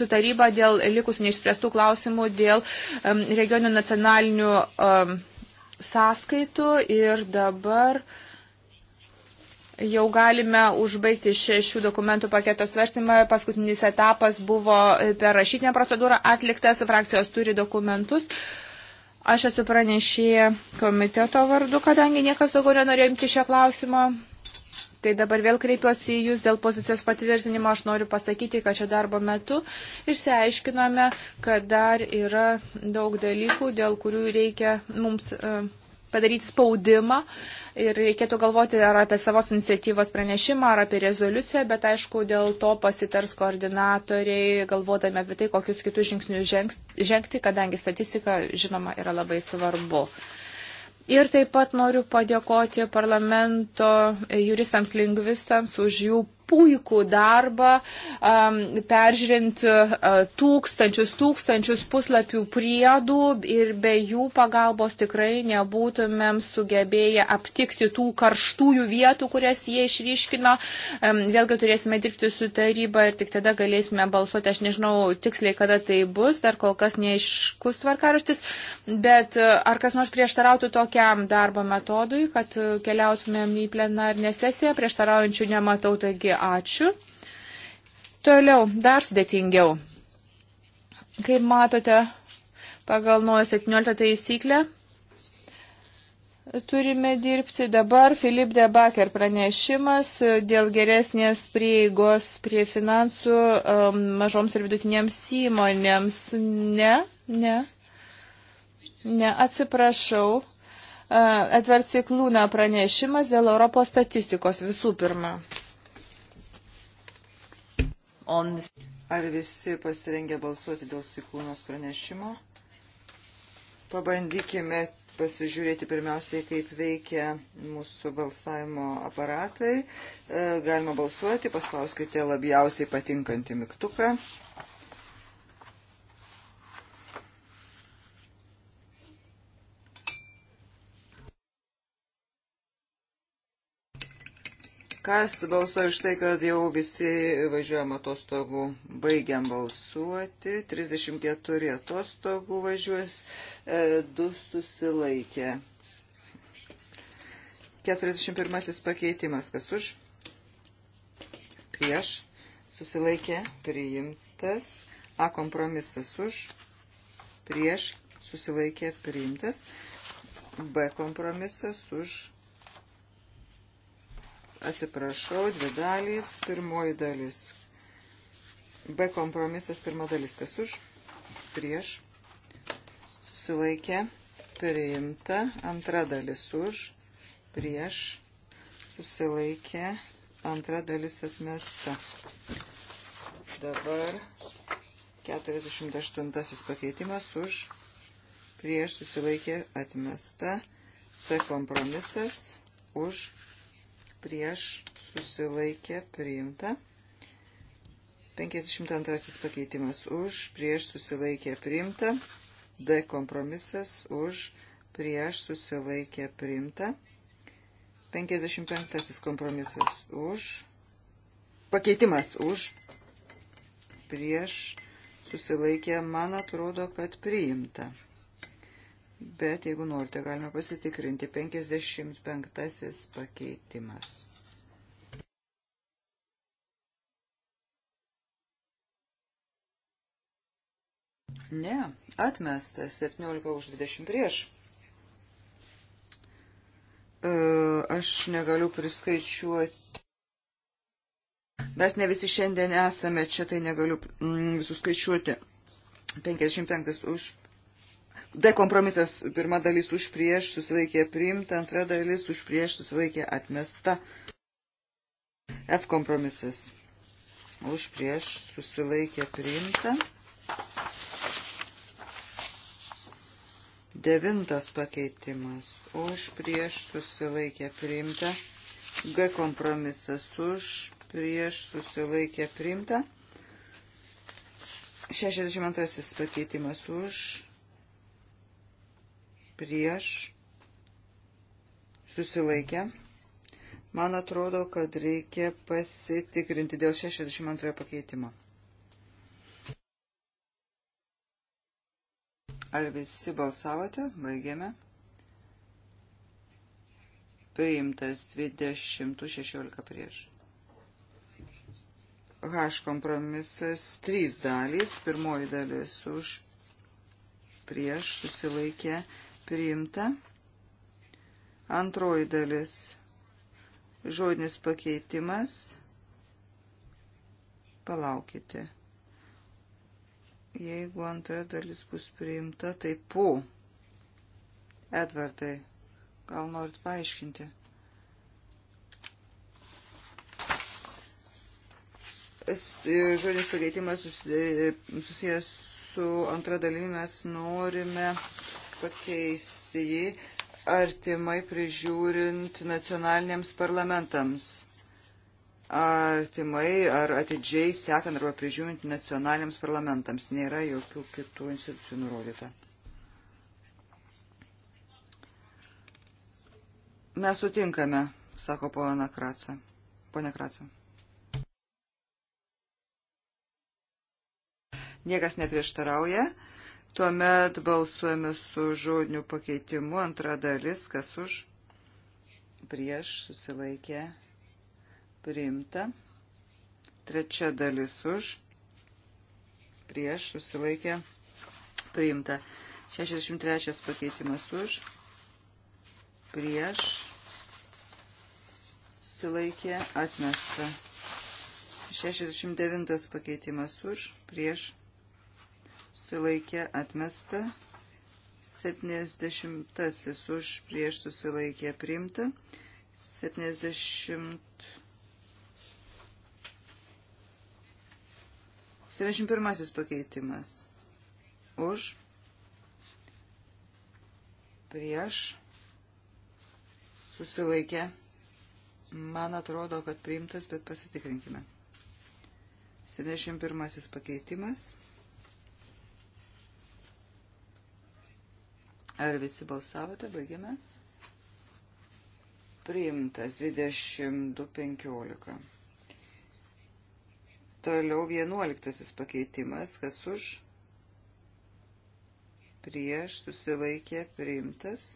su taryba dėl likusių neišspręstų klausimų dėl regioninių nacionalinių sąskaitų. Ir dabar. Uh, Jau galime užbaigti šių dokumentų paketo svarstymą. Paskutinis etapas buvo e, per rašytinę procedūrą atliktas. Frakcijos turi dokumentus. Aš esu pranešėję komiteto vardu, kadangi niekas daugiau nenorėjo imti šio klausimo. Tai dabar vėl kreipiuosi į Jūs dėl pozicijos patvirtinimo. Aš noriu pasakyti, kad čia darbo metu išsiaiškinome, kad dar yra daug dalykų, dėl kurių reikia mums e, padaryti spaudimą ir reikėtų galvoti ar apie savos iniciatyvos pranešimą, ar apie rezoliuciją, bet aišku, dėl to pasitars koordinatoriai, galvodami apie tai, kokius kitus žingsnius žengti, kadangi statistika, žinoma, yra labai svarbu. Ir taip pat noriu padėkoti parlamento juristams lingvistams už jų puikų darbą, um, peržiūrint uh, tūkstančius, tūkstančius puslapių priedų ir be jų pagalbos tikrai nebūtumėm sugebėję aptikti tų karštųjų vietų, kurias jie išryškino. Um, vėlgi turėsime dirbti su taryba ir tik tada galėsime balsuoti. Aš nežinau tiksliai, kada tai bus, dar kol kas neiškus tvarkaraštis, bet uh, ar kas nors prieštarautų tokiam darbo metodui, kad uh, keliautumėm į plenarinę sesiją, prieštaraujančių nematau. Taigi ačiū. Toliau, dar sudėtingiau. Kaip matote, pagal nuojo 17 taisyklę turime dirbti dabar Filip de Baker pranešimas dėl geresnės prieigos prie finansų um, mažoms ir vidutinėms įmonėms. Ne, ne, ne, atsiprašau. Uh, Atversi klūna pranešimas dėl Europos statistikos visų pirma.
Ar visi pasirengę balsuoti dėl Sikūnos pranešimo? Pabandykime pasižiūrėti pirmiausiai, kaip veikia mūsų balsavimo aparatai. E, galima balsuoti, paspauskite labiausiai patinkantį mygtuką. Kas balsuoja už tai, kad jau visi važiuojam atostogų? Baigiam balsuoti. 34 atostogų važiuos, 2 e, susilaikė. 41 pakeitimas. Kas už? Prieš. Susilaikė. Priimtas. A kompromisas už. Prieš. Susilaikė. Priimtas. B kompromisas už atsiprašau, dvi dalys, pirmoji dalis. B kompromisas, pirma dalis, kas už, prieš, susilaikė, priimta, antra dalis už, prieš, susilaikė, antra dalis atmesta. Dabar 48 pakeitimas už, prieš, susilaikė, atmesta, C kompromisas, už, prieš prieš susilaikė priimta. 52 pakeitimas už, prieš susilaikė priimta. D kompromisas už, prieš susilaikė priimta. 55 kompromisas už, pakeitimas už, prieš susilaikė, man atrodo, kad priimta bet jeigu norite, galime pasitikrinti 55 pakeitimas. Ne, atmestas 17 už 20 prieš. E, aš negaliu priskaičiuoti. Mes ne visi šiandien esame čia, tai negaliu mm, visus skaičiuoti. 55 už D kompromisas pirma dalis už prieš susilaikė priimta, antra dalis už prieš susilaikė atmesta. F kompromisas už prieš susilaikė priimta. Devintas pakeitimas. Už prieš susilaikė priimta. G kompromisas. Už prieš susilaikė priimta. 62 pakeitimas. Už prieš susilaikę. Man atrodo, kad reikia pasitikrinti dėl 62 pakeitimo. Ar visi balsavote? Baigėme. Priimtas 20.16 prieš. H kompromisas 3 dalys. Pirmoji dalis už prieš susilaikė priimtas priimta. Antroji dalis žodinis pakeitimas. Palaukite. Jeigu antra dalis bus priimta, tai po. Edvardai, gal norit paaiškinti? Žodinis pakeitimas susijęs su antra dalimi mes norime pakeisti jį artimai prižiūrint nacionaliniams parlamentams. Artimai ar atidžiai sekant arba prižiūrint nacionaliniams parlamentams. Nėra jokių kitų institucijų nurodyta. Mes sutinkame, sako pona Kratsa. Pone Kratsa. Niekas neprieštarauja. Tuomet balsuojame su žodiniu pakeitimu antra dalis, kas už prieš susilaikė priimta. Trečia dalis už prieš susilaikė priimta. 63 pakeitimas už prieš susilaikė atmesta. 69 pakeitimas už prieš susilaikė susilaikė atmesta. 70 už prieš susilaikė priimta. 70. 71 pakeitimas. Už. Prieš. Susilaikė. Man atrodo, kad priimtas, bet pasitikrinkime. 71 pakeitimas. Ar visi balsavote? Baigiame. Priimtas 22.15. Toliau 11 pakeitimas. Kas už? Prieš susilaikė priimtas.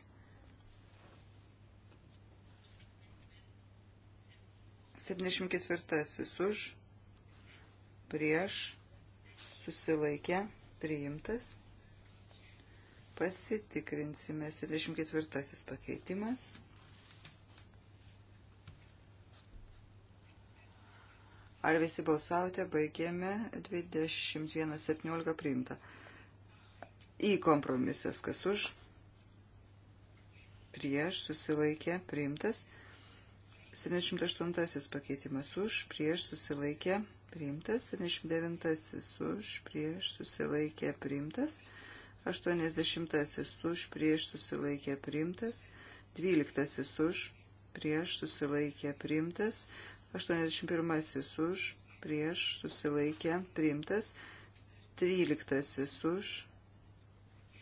74 už. Prieš susilaikė priimtas. Pasitikrinsime 74 pakeitimas. Ar visi balsavote, baigėme 21.17 priimta. Į kompromisas, kas už, prieš, susilaikė, priimtas. 78 pakeitimas už, prieš, susilaikė, priimtas. 79 už, prieš, susilaikė, priimtas. 80 už prieš susilaikė priimtas, 12 už prieš susilaikė priimtas, 81 už prieš susilaikė priimtas, 13 už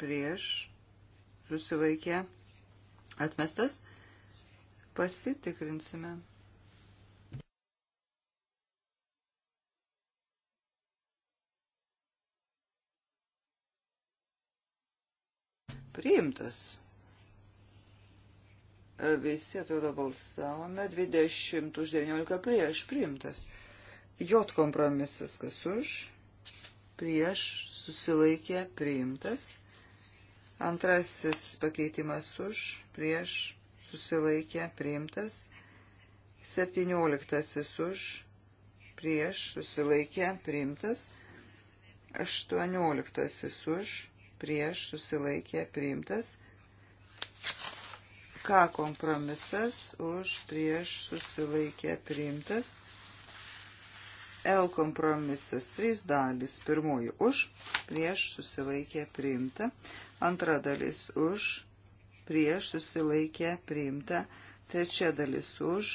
prieš susilaikė atmestas. Pasitikrinsime. priimtas. Visi atrodo balsavome, 20 už 19 prieš priimtas. J kompromisas, kas už, prieš susilaikė priimtas. Antrasis pakeitimas už, prieš susilaikė priimtas. 17 už, prieš susilaikė priimtas. 18 už, prieš susilaikė priimtas. K kompromisas už prieš susilaikė priimtas. L kompromisas 3 dalys. Pirmoji už, prieš susilaikė priimta. Antra dalis už, prieš susilaikė priimta. Trečia dalis už,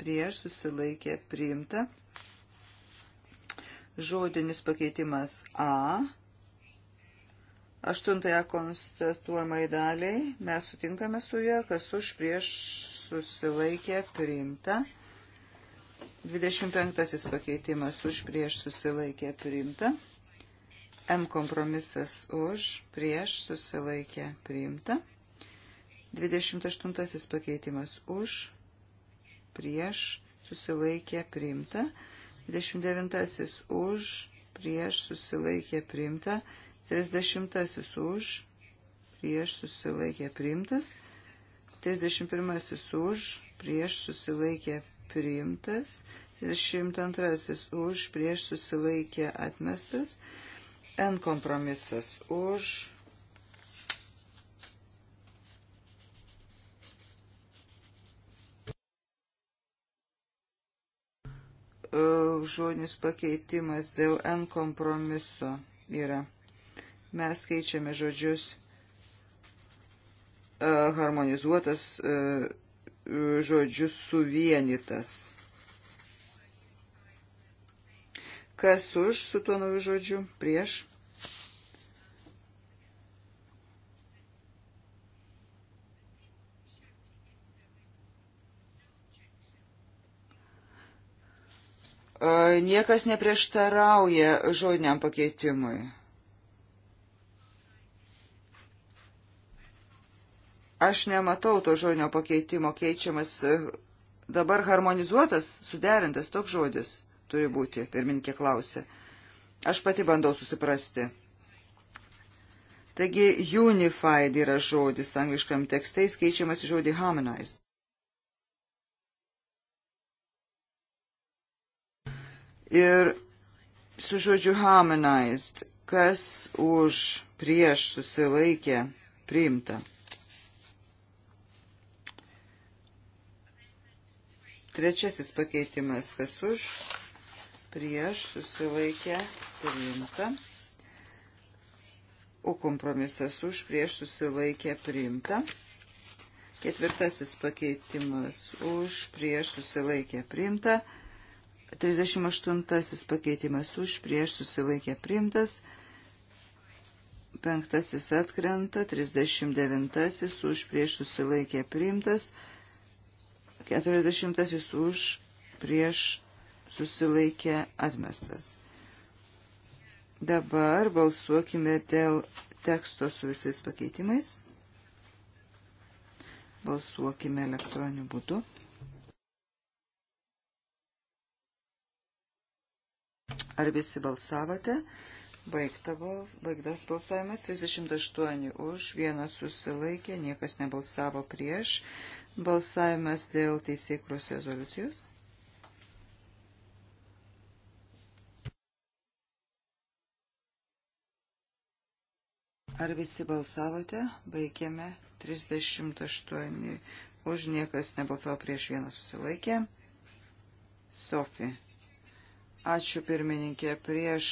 prieš susilaikė priimta. Žodinis pakeitimas A Aštuntąją konstatuojamai daliai mes sutinkame su ja, kas už prieš susilaikė priimta. 25 pakeitimas už prieš susilaikė priimta. M kompromisas už prieš susilaikė priimta. 28 pakeitimas už prieš susilaikė priimta. 29 už prieš susilaikė priimta. 30 už, prieš susilaikė priimtas, 31 už, prieš susilaikė priimtas, 32 už, prieš susilaikė atmestas, N kompromisas už, e, žodis pakeitimas dėl N kompromiso yra. Mes keičiame žodžius e, harmonizuotas e, žodžius suvienytas. Kas už su tuo nauju žodžiu? Prieš. E, niekas neprieštarauja žodiniam pakeitimui. Aš nematau to žodinio pakeitimo keičiamas. E, dabar harmonizuotas, suderintas toks žodis turi būti, pirmininkė klausė. Aš pati bandau susiprasti. Taigi unified yra žodis angliškam tekste, jis keičiamas į žodį harmonized. Ir su žodžiu harmonized, kas už prieš susilaikė priimta. Trečiasis pakeitimas, kas už, prieš, susilaikę, priimta. U kompromisas už, prieš, susilaikę, priimta. Ketvirtasis pakeitimas už, prieš, susilaikę, priimta. 38 pakeitimas už, prieš susilaikė priimtas, 5 atkrenta, 39 už, prieš susilaikė priimtas, 40 už prieš susilaikė atmestas. Dabar balsuokime dėl teksto su visais pakeitimais. Balsuokime elektroniniu būdu. Ar visi balsavote? Baigta bal, baigtas balsavimas 38 už, vienas susilaikė, niekas nebalsavo prieš. Balsavimas dėl teisėkros rezoliucijos. Ar visi balsavote? Baigėme 38. Už niekas nebalsavo prieš vieną susilaikę. Sofi. Ačiū pirmininkė. Prieš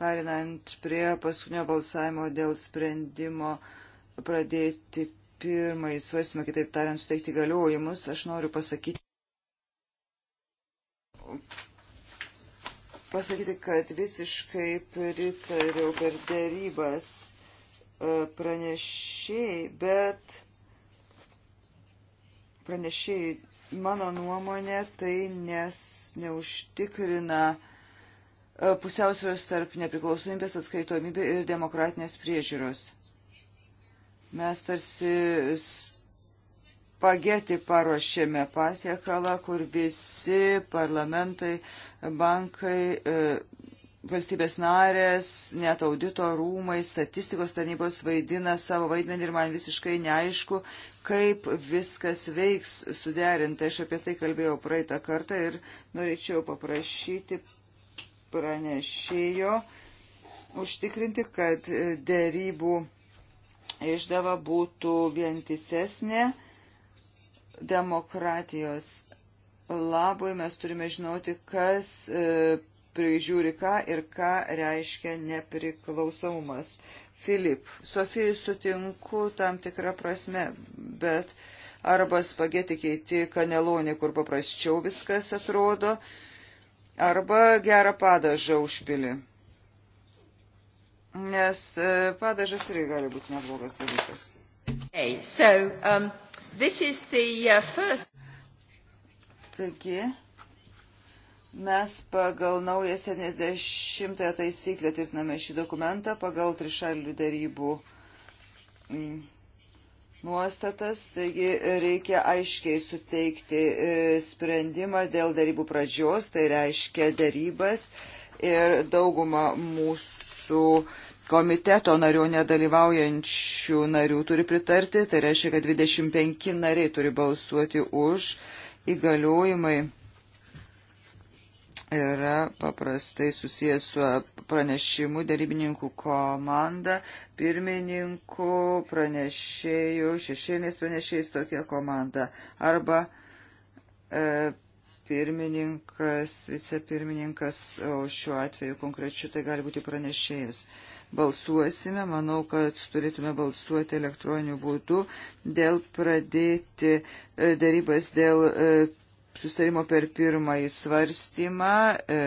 perinant prie paskutinio balsavimo dėl sprendimo pradėti pirmąjį svarstymą, kitaip tariant, suteikti galiojimus, aš noriu pasakyti, pasakyti, kad visiškai pritariau per dėrybas e, pranešėjai, bet pranešėjai, mano nuomonė, tai nes neužtikrina e, pusiausvėros tarp nepriklausomybės atskaitomybė ir demokratinės priežiūros. Mes tarsi spageti paruošėme patiekalą, kur visi parlamentai, bankai, e, valstybės narės, net audito rūmai, statistikos tarnybos vaidina savo vaidmenį ir man visiškai neaišku, kaip viskas veiks suderinta. Aš apie tai kalbėjau praeitą kartą ir norėčiau paprašyti pranešėjo užtikrinti, kad e, dėrybų išdava būtų vientisesnė demokratijos labui. Mes turime žinoti, kas e, prižiūri ką ir ką reiškia nepriklausomumas. Filip, Sofijai sutinku tam tikrą prasme, bet arba spageti keiti kanelonį, kur paprasčiau viskas atrodo, arba gerą padažą užpili. Nes e, padažas irgi gali būti neblogas dalykas. Okay, so, um, this is the uh, first... Taigi, mes pagal naują 70 taisyklę tvirtiname šį dokumentą pagal trišalių darybų mm, nuostatas, taigi reikia aiškiai suteikti e, sprendimą dėl darybų pradžios, tai reiškia darybas ir dauguma mūsų uh, komiteto narių nedalyvaujančių narių turi pritarti, tai reiškia, kad 25 nariai turi balsuoti už įgaliojimai. Yra paprastai susijęs su pranešimu darybininkų komanda, pirmininku, pranešėjų, šešėlės pranešėjais tokia komanda. Arba e, pirmininkas, vicepirmininkas, o šiuo atveju konkrečiu tai gali būti pranešėjas. E, balsuosime. Manau, kad turėtume balsuoti elektroniniu būdu dėl pradėti e, darybas dėl e, sustarimo per pirmąjį svarstymą e,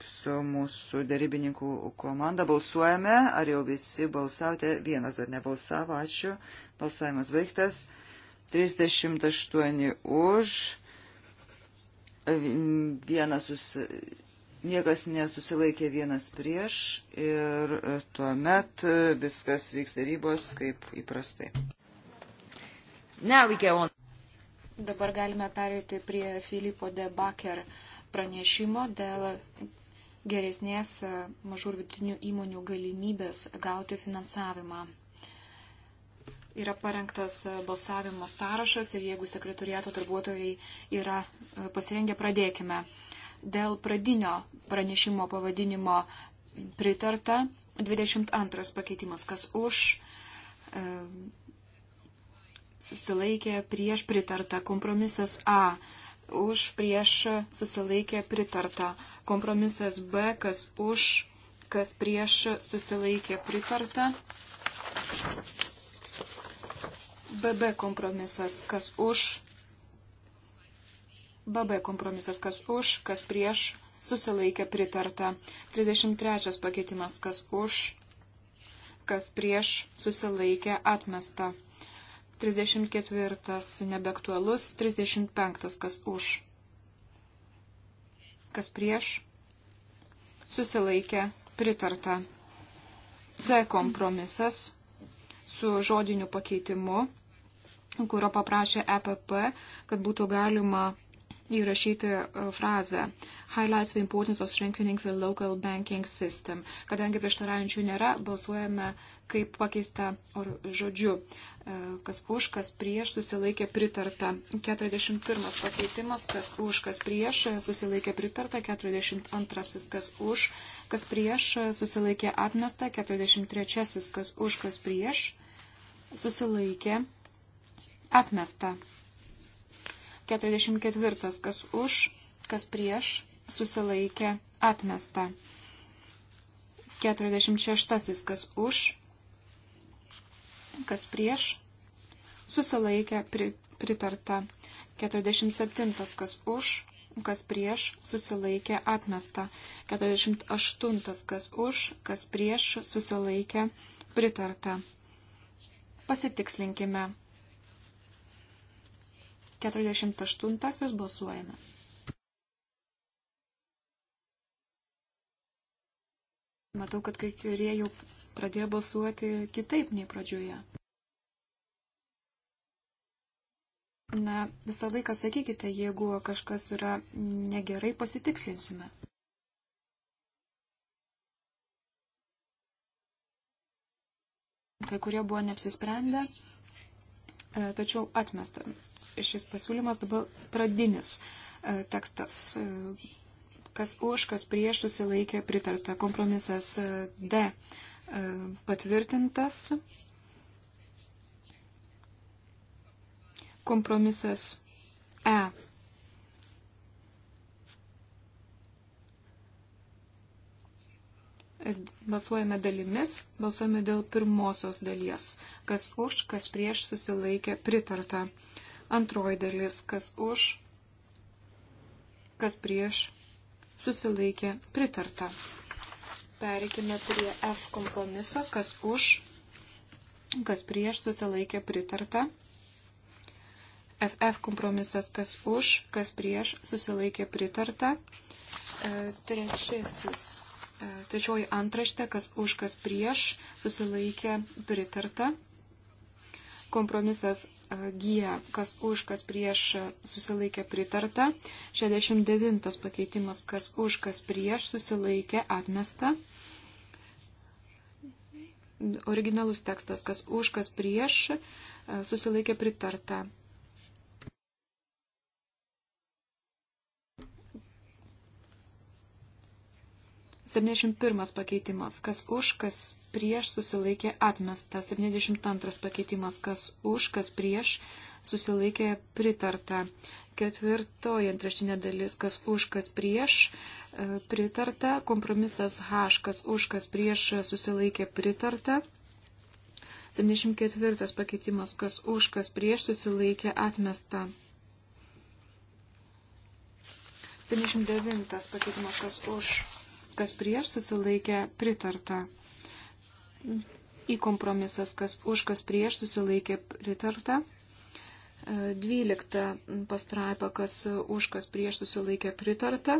su mūsų darybininkų komanda. Balsuojame, ar jau visi balsavote, vienas dar nebalsavo, ačiū. Balsavimas baigtas. 38 už, vienas susitikęs Niekas nesusilaikė vienas prieš ir e, tuomet e, viskas vyks darybos kaip įprastai.
Dabar galime pereiti prie Filipo de Baker pranešimo dėl geresnės e, mažų ir vidutinių įmonių galimybės gauti finansavimą. Yra parengtas balsavimo sąrašas ir jeigu sekretoriato darbuotojai yra pasirengę, pradėkime. Dėl pradinio pranešimo pavadinimo pritarta 22 pakeitimas, kas už e, susilaikė prieš pritarta. Kompromisas A už prieš susilaikė pritarta. Kompromisas B, kas už, kas prieš susilaikė pritarta. BB kompromisas, kas už, BB kompromisas, kas už, kas prieš, susilaikė pritarta. 33 pakeitimas, kas už, kas prieš, susilaikė atmesta. 34 nebeaktualus, 35 kas už, kas prieš, susilaikė pritarta. C kompromisas su žodiniu pakeitimu, kurio paprašė EPP, kad būtų galima įrašyti e, frazę Highlights the importance of strengthening the local banking system. Kadangi prieštaraujančių nėra, balsuojame kaip pakeista žodžiu. E, kas už, kas prieš susilaikė pritarta. 41 pakeitimas, kas už, kas prieš susilaikė pritarta. 42 kas už, kas prieš susilaikė atmesta. 43 kas už, kas prieš susilaikė atmesta. 44. Kas už, kas prieš, susilaikė, atmesta. 46. Kas už, kas prieš, susilaikė, pri, pritarta. 47. Kas už, kas prieš, susilaikė, atmesta. 48. Kas už, kas prieš, susilaikė, pritarta. Pasitikslinkime. 48 balsuojame. Matau, kad kai kurie jau pradėjo balsuoti kitaip nei pradžioje. Na, visą laiką sakykite, jeigu kažkas yra negerai, pasitikslinsime. Kai kurie buvo neapsisprendę, E, tačiau atmestamas. Šis pasiūlymas dabar pradinis e, tekstas. E, kas už, kas prieš susilaikė pritarta. Kompromisas D patvirtintas. Kompromisas E balsuojame dalimis, balsuojame dėl pirmosios dalies, kas už, kas prieš susilaikė pritarta. Antroji dalis, kas už, kas prieš susilaikė pritarta. Pereikime prie F kompromiso, kas už, kas prieš susilaikė pritarta. FF kompromisas, kas už, kas prieš susilaikė pritarta. E, trečiasis E, trečioji antraštė, kas už, kas prieš, susilaikė pritarta. Kompromisas e, G, kas už, kas prieš, susilaikė pritarta. 69 pakeitimas, kas už, kas prieš, susilaikė atmesta. Originalus tekstas, kas už, kas prieš, e, susilaikė pritarta. 71 pakeitimas, kas už, kas prieš susilaikė atmesta. 72 pakeitimas, kas už, kas prieš susilaikė pritarta. Ketvirtoji antraštinė dalis, kas už, kas prieš e, pritarta. Kompromisas H, kas už, kas prieš susilaikė pritarta. 74 pakeitimas, kas už, kas prieš susilaikė atmesta. 79 pakeitimas, kas už kas prieš susilaikė pritarta. Į kompromisas, kas už, kas prieš susilaikė pritarta. 12 e, pastraipa, kas už, kas prieš susilaikė pritarta.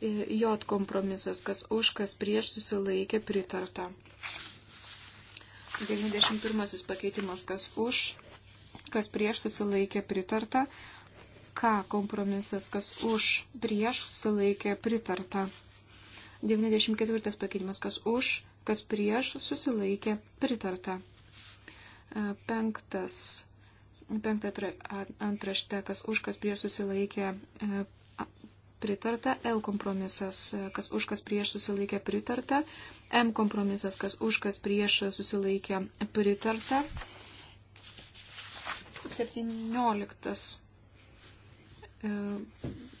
E, J kompromisas, kas už, kas prieš susilaikė pritarta. 91 pakeitimas, kas už, kas prieš susilaikė pritarta. K kompromisas, kas už, prieš susilaikė pritarta. 94 pakeitimas, kas už, kas prieš, susilaikė, pritarta. E, penktas, penktą antraštę, kas už, kas prieš, susilaikė, e, pritarta. L kompromisas, e, kas už, kas prieš, susilaikė, pritarta. M kompromisas, kas už, kas prieš, susilaikė, pritarta. 17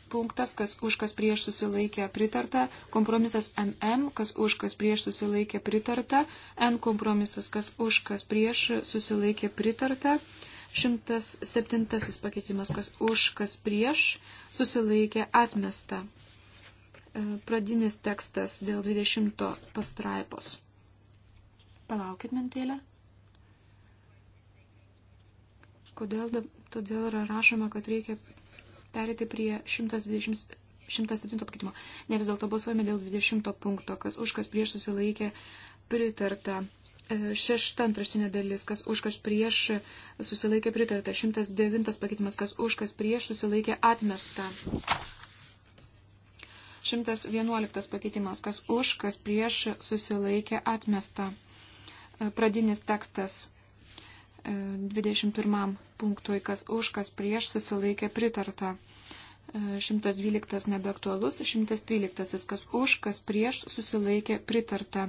punktas, kas už kas prieš susilaikė pritarta, kompromisas MM, kas už kas prieš susilaikė pritarta, N kompromisas, kas už kas prieš susilaikė pritarta, 107 pakeitimas, kas už kas prieš susilaikė atmesta. E, pradinis tekstas dėl 20 pastraipos. Palaukit mintėlę. Kodėl todėl yra rašoma, kad reikia perėti prie 120, 107 pakeitimo. Ne vis dėlto balsuojame dėl 20 punkto, kas už, kas prieš susilaikė pritarta. E, šešta antraštinė dalis, kas už, kas prieš susilaikė pritarta. 109 pakeitimas, kas už, kas prieš susilaikė atmesta. 111 pakeitimas, kas už, kas prieš susilaikė atmesta. E, pradinis tekstas 21 punktui, kas už, kas prieš susilaikė pritarta. 112 e, nebeaktualus, 113 kas už, kas prieš susilaikė pritarta.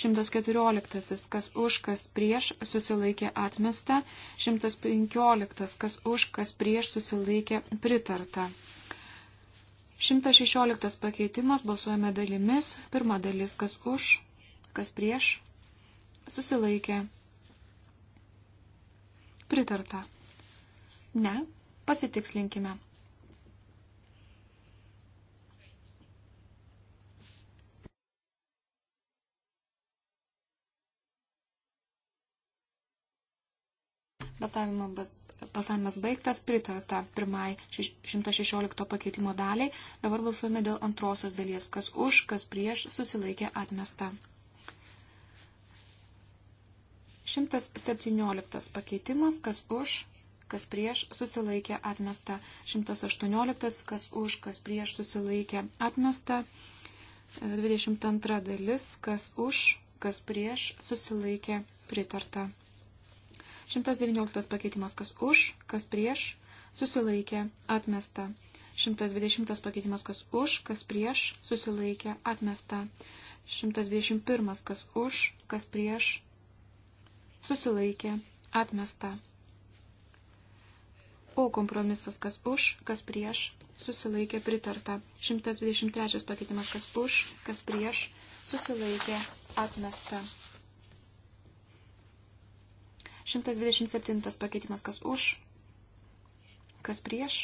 114 kas už, kas prieš susilaikė atmesta. 115 kas už, kas prieš susilaikė pritarta. 116 pakeitimas balsuojame dalimis. Pirma dalis kas už, kas prieš susilaikė pritarta. Ne, pasitikslinkime. Balsavimas baigtas, pritarta pirmai 116 pakeitimo daliai, dabar balsuojame dėl antrosios dalies, kas už, kas prieš, susilaikė atmesta. 117 pakeitimas, kas už, kas prieš susilaikė atmesta. 118, kas už, kas prieš susilaikė atmesta. 22 dalis, kas už, kas prieš susilaikė pritarta. 119 pakeitimas, kas už, kas prieš susilaikė atmesta. 120 pakeitimas, kas už, kas prieš susilaikė atmesta. 121 kas už, kas prieš susilaikė, atmesta. O kompromisas kas už, kas prieš, susilaikė, pritarta. 123 pakeitimas kas už, kas prieš, susilaikė, atmesta. 127 pakeitimas kas už, kas prieš,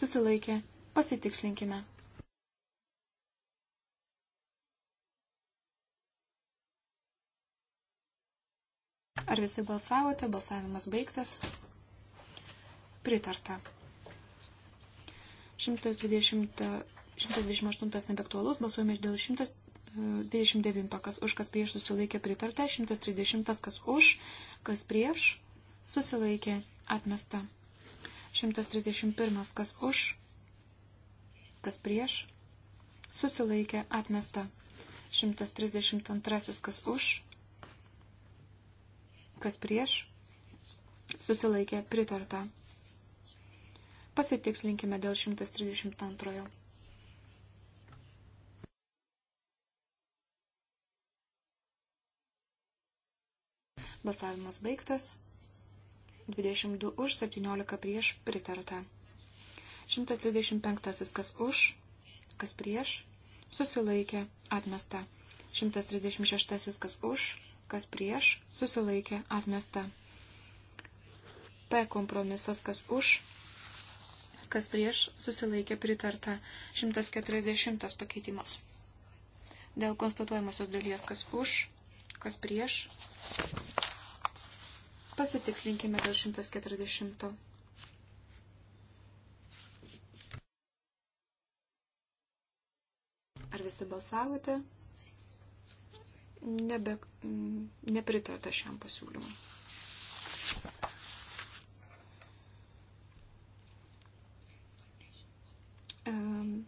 susilaikė, pasitikslinkime. Ar visi balsavote? Balsavimas baigtas. Pritarta. 120, 128 nebeaktualus, balsuojame dėl 129, kas už, kas prieš susilaikė pritarta, 130, kas už, kas prieš susilaikė atmesta. 131, kas už, kas prieš susilaikė atmesta. 132, kas už, kas prieš, susilaikė pritarta. Pasitikslinkime dėl 132. Balsavimas baigtas. 22 už, 17 prieš pritarta. 135 kas už, kas prieš, susilaikė, atmesta. 136 kas už, kas prieš, susilaikė, atmesta. P kompromisas, kas už, kas prieš, susilaikė, pritarta. 140 pakeitimas. Dėl konstatuojamosios dalies, kas už, kas prieš. Pasitikslinkime dėl 140. Ar visi balsavote? nebe, nepritarta šiam pasiūlymui. Um,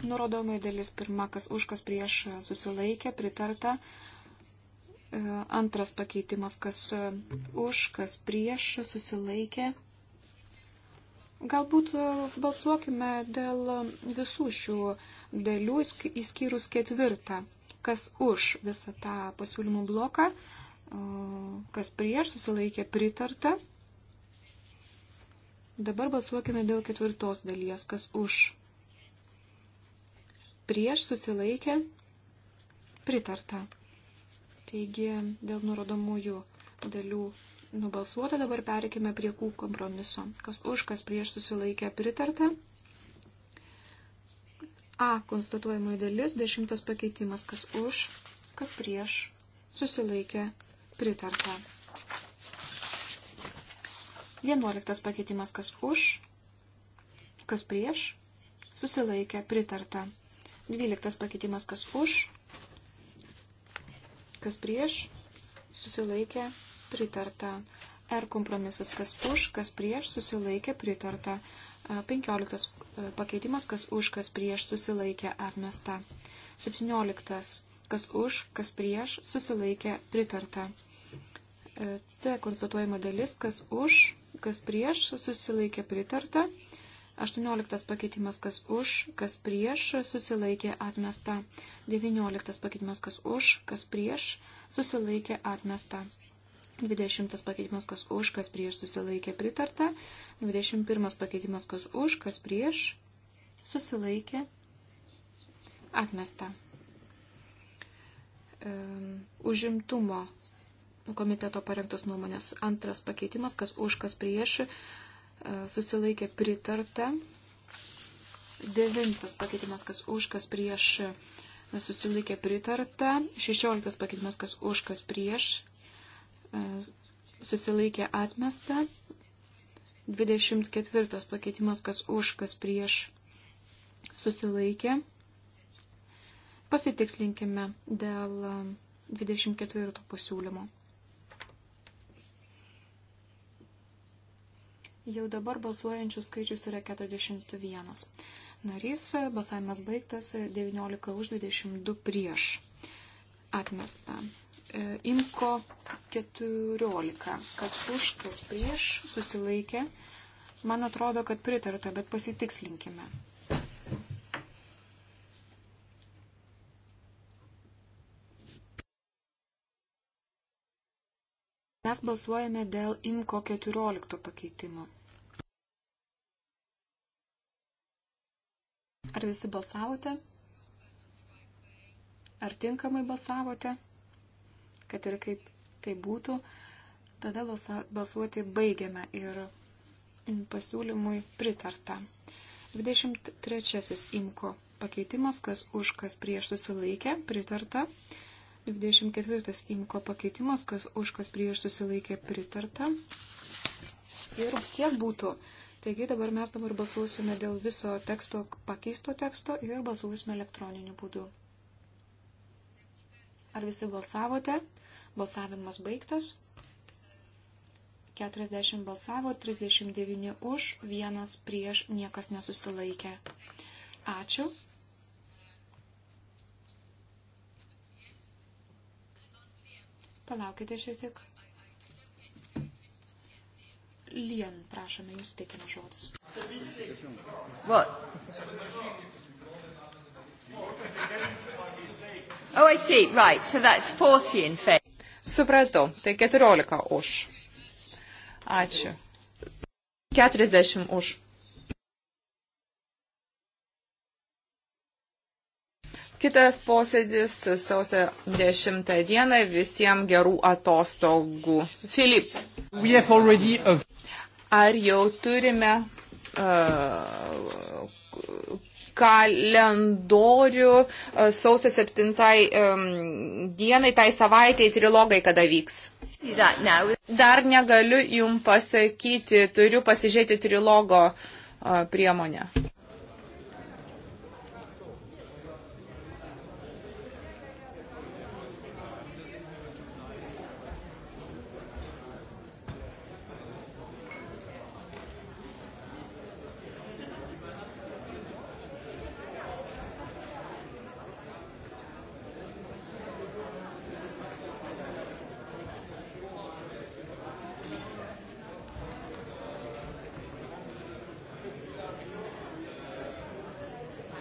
Nurodomai dalis pirma, kas už, kas prieš e, susilaikė, pritarta. E, antras pakeitimas, kas e, už, kas prieš susilaikė, Galbūt e, balsuokime dėl visų šių dalių, įskyrus ketvirtą, kas už visą tą pasiūlymų bloką, e, kas prieš susilaikė pritarta. Dabar balsuokime dėl ketvirtos dalies, kas už prieš susilaikė pritarta. Taigi dėl nurodomųjų dalių nubalsuota, dabar perikime prie Q kompromiso. Kas už, kas prieš susilaikė pritarta. A konstatuojamoji dalis, dešimtas pakeitimas, kas už, kas prieš susilaikė pritarta. Vienuoliktas pakeitimas, kas už, kas prieš susilaikė pritarta. Dvyliktas pakeitimas, kas už, kas prieš susilaikė pritarta. R kompromisas, kas už, kas prieš, susilaikė pritarta. 15 e, pakeitimas, kas už, kas prieš, susilaikė atmesta. 17 kas už, kas prieš, susilaikė pritarta. E, C konstatuojama dalis, kas už, kas prieš, susilaikė pritarta. 18 pakeitimas kas už, kas prieš, susilaikė atmesta. 19 pakeitimas kas už, kas prieš, susilaikė atmesta. 20 pakeitimas kas už, kas prieš, susilaikė pritarta. 21 pakeitimas kas už, kas prieš, susilaikė atmesta. Užimtumo komiteto parengtos nuomonės. Antras pakeitimas, kas už, kas prieš, E, susilaikė pritarta. Devintas pakeitimas, kas už, kas prieš, e, susilaikė pritarta. Šešioliktas pakeitimas, kas už, kas prieš, e, susilaikė atmesta. Dvidešimt ketvirtas pakeitimas, kas už, kas prieš, susilaikė. Pasitikslinkime dėl 24 pasiūlymo. Jau dabar balsuojančių skaičius yra 41. Narys balsavimas baigtas 19 už 22 prieš. Atmesta. E, Imko 14. Kas už, kas prieš susilaikė. Man atrodo, kad pritarta, bet pasitikslinkime. Mes balsuojame dėl IMCO 14 pakeitimo. Ar visi balsavote? Ar tinkamai balsavote? Kad ir kaip tai būtų, tada balsa, balsuoti baigiame ir pasiūlymui pritarta. 23 imko pakeitimas, kas už, kas prieš susilaikė, pritarta. 24 imko pakeitimas, kas už, kas prieš susilaikė, pritarta. Ir kiek būtų? Taigi dabar mes dabar balsuosime dėl viso teksto, pakeisto teksto ir balsuosime elektroniniu būdu. Ar visi balsavote? Balsavimas baigtas. 40 balsavo, 39 už, vienas prieš, niekas nesusilaikė. Ačiū. Palaukite šiek tiek. Lien, prašome, jūs teikiame žodis.
What?
Oh, I see, right, so that's 40 in favor. Supratau, tai 14 už. Ačiū. 40 už. Kitas posėdis sausio 10 dieną visiems gerų atostogų. Filip. A... Ar jau turime uh, kalendorių uh, sausio 7 um, dienai, tai savaitėj trilogai kada vyks? Dar negaliu jum pasakyti, turiu pasižiūrėti trilogo uh, priemonę.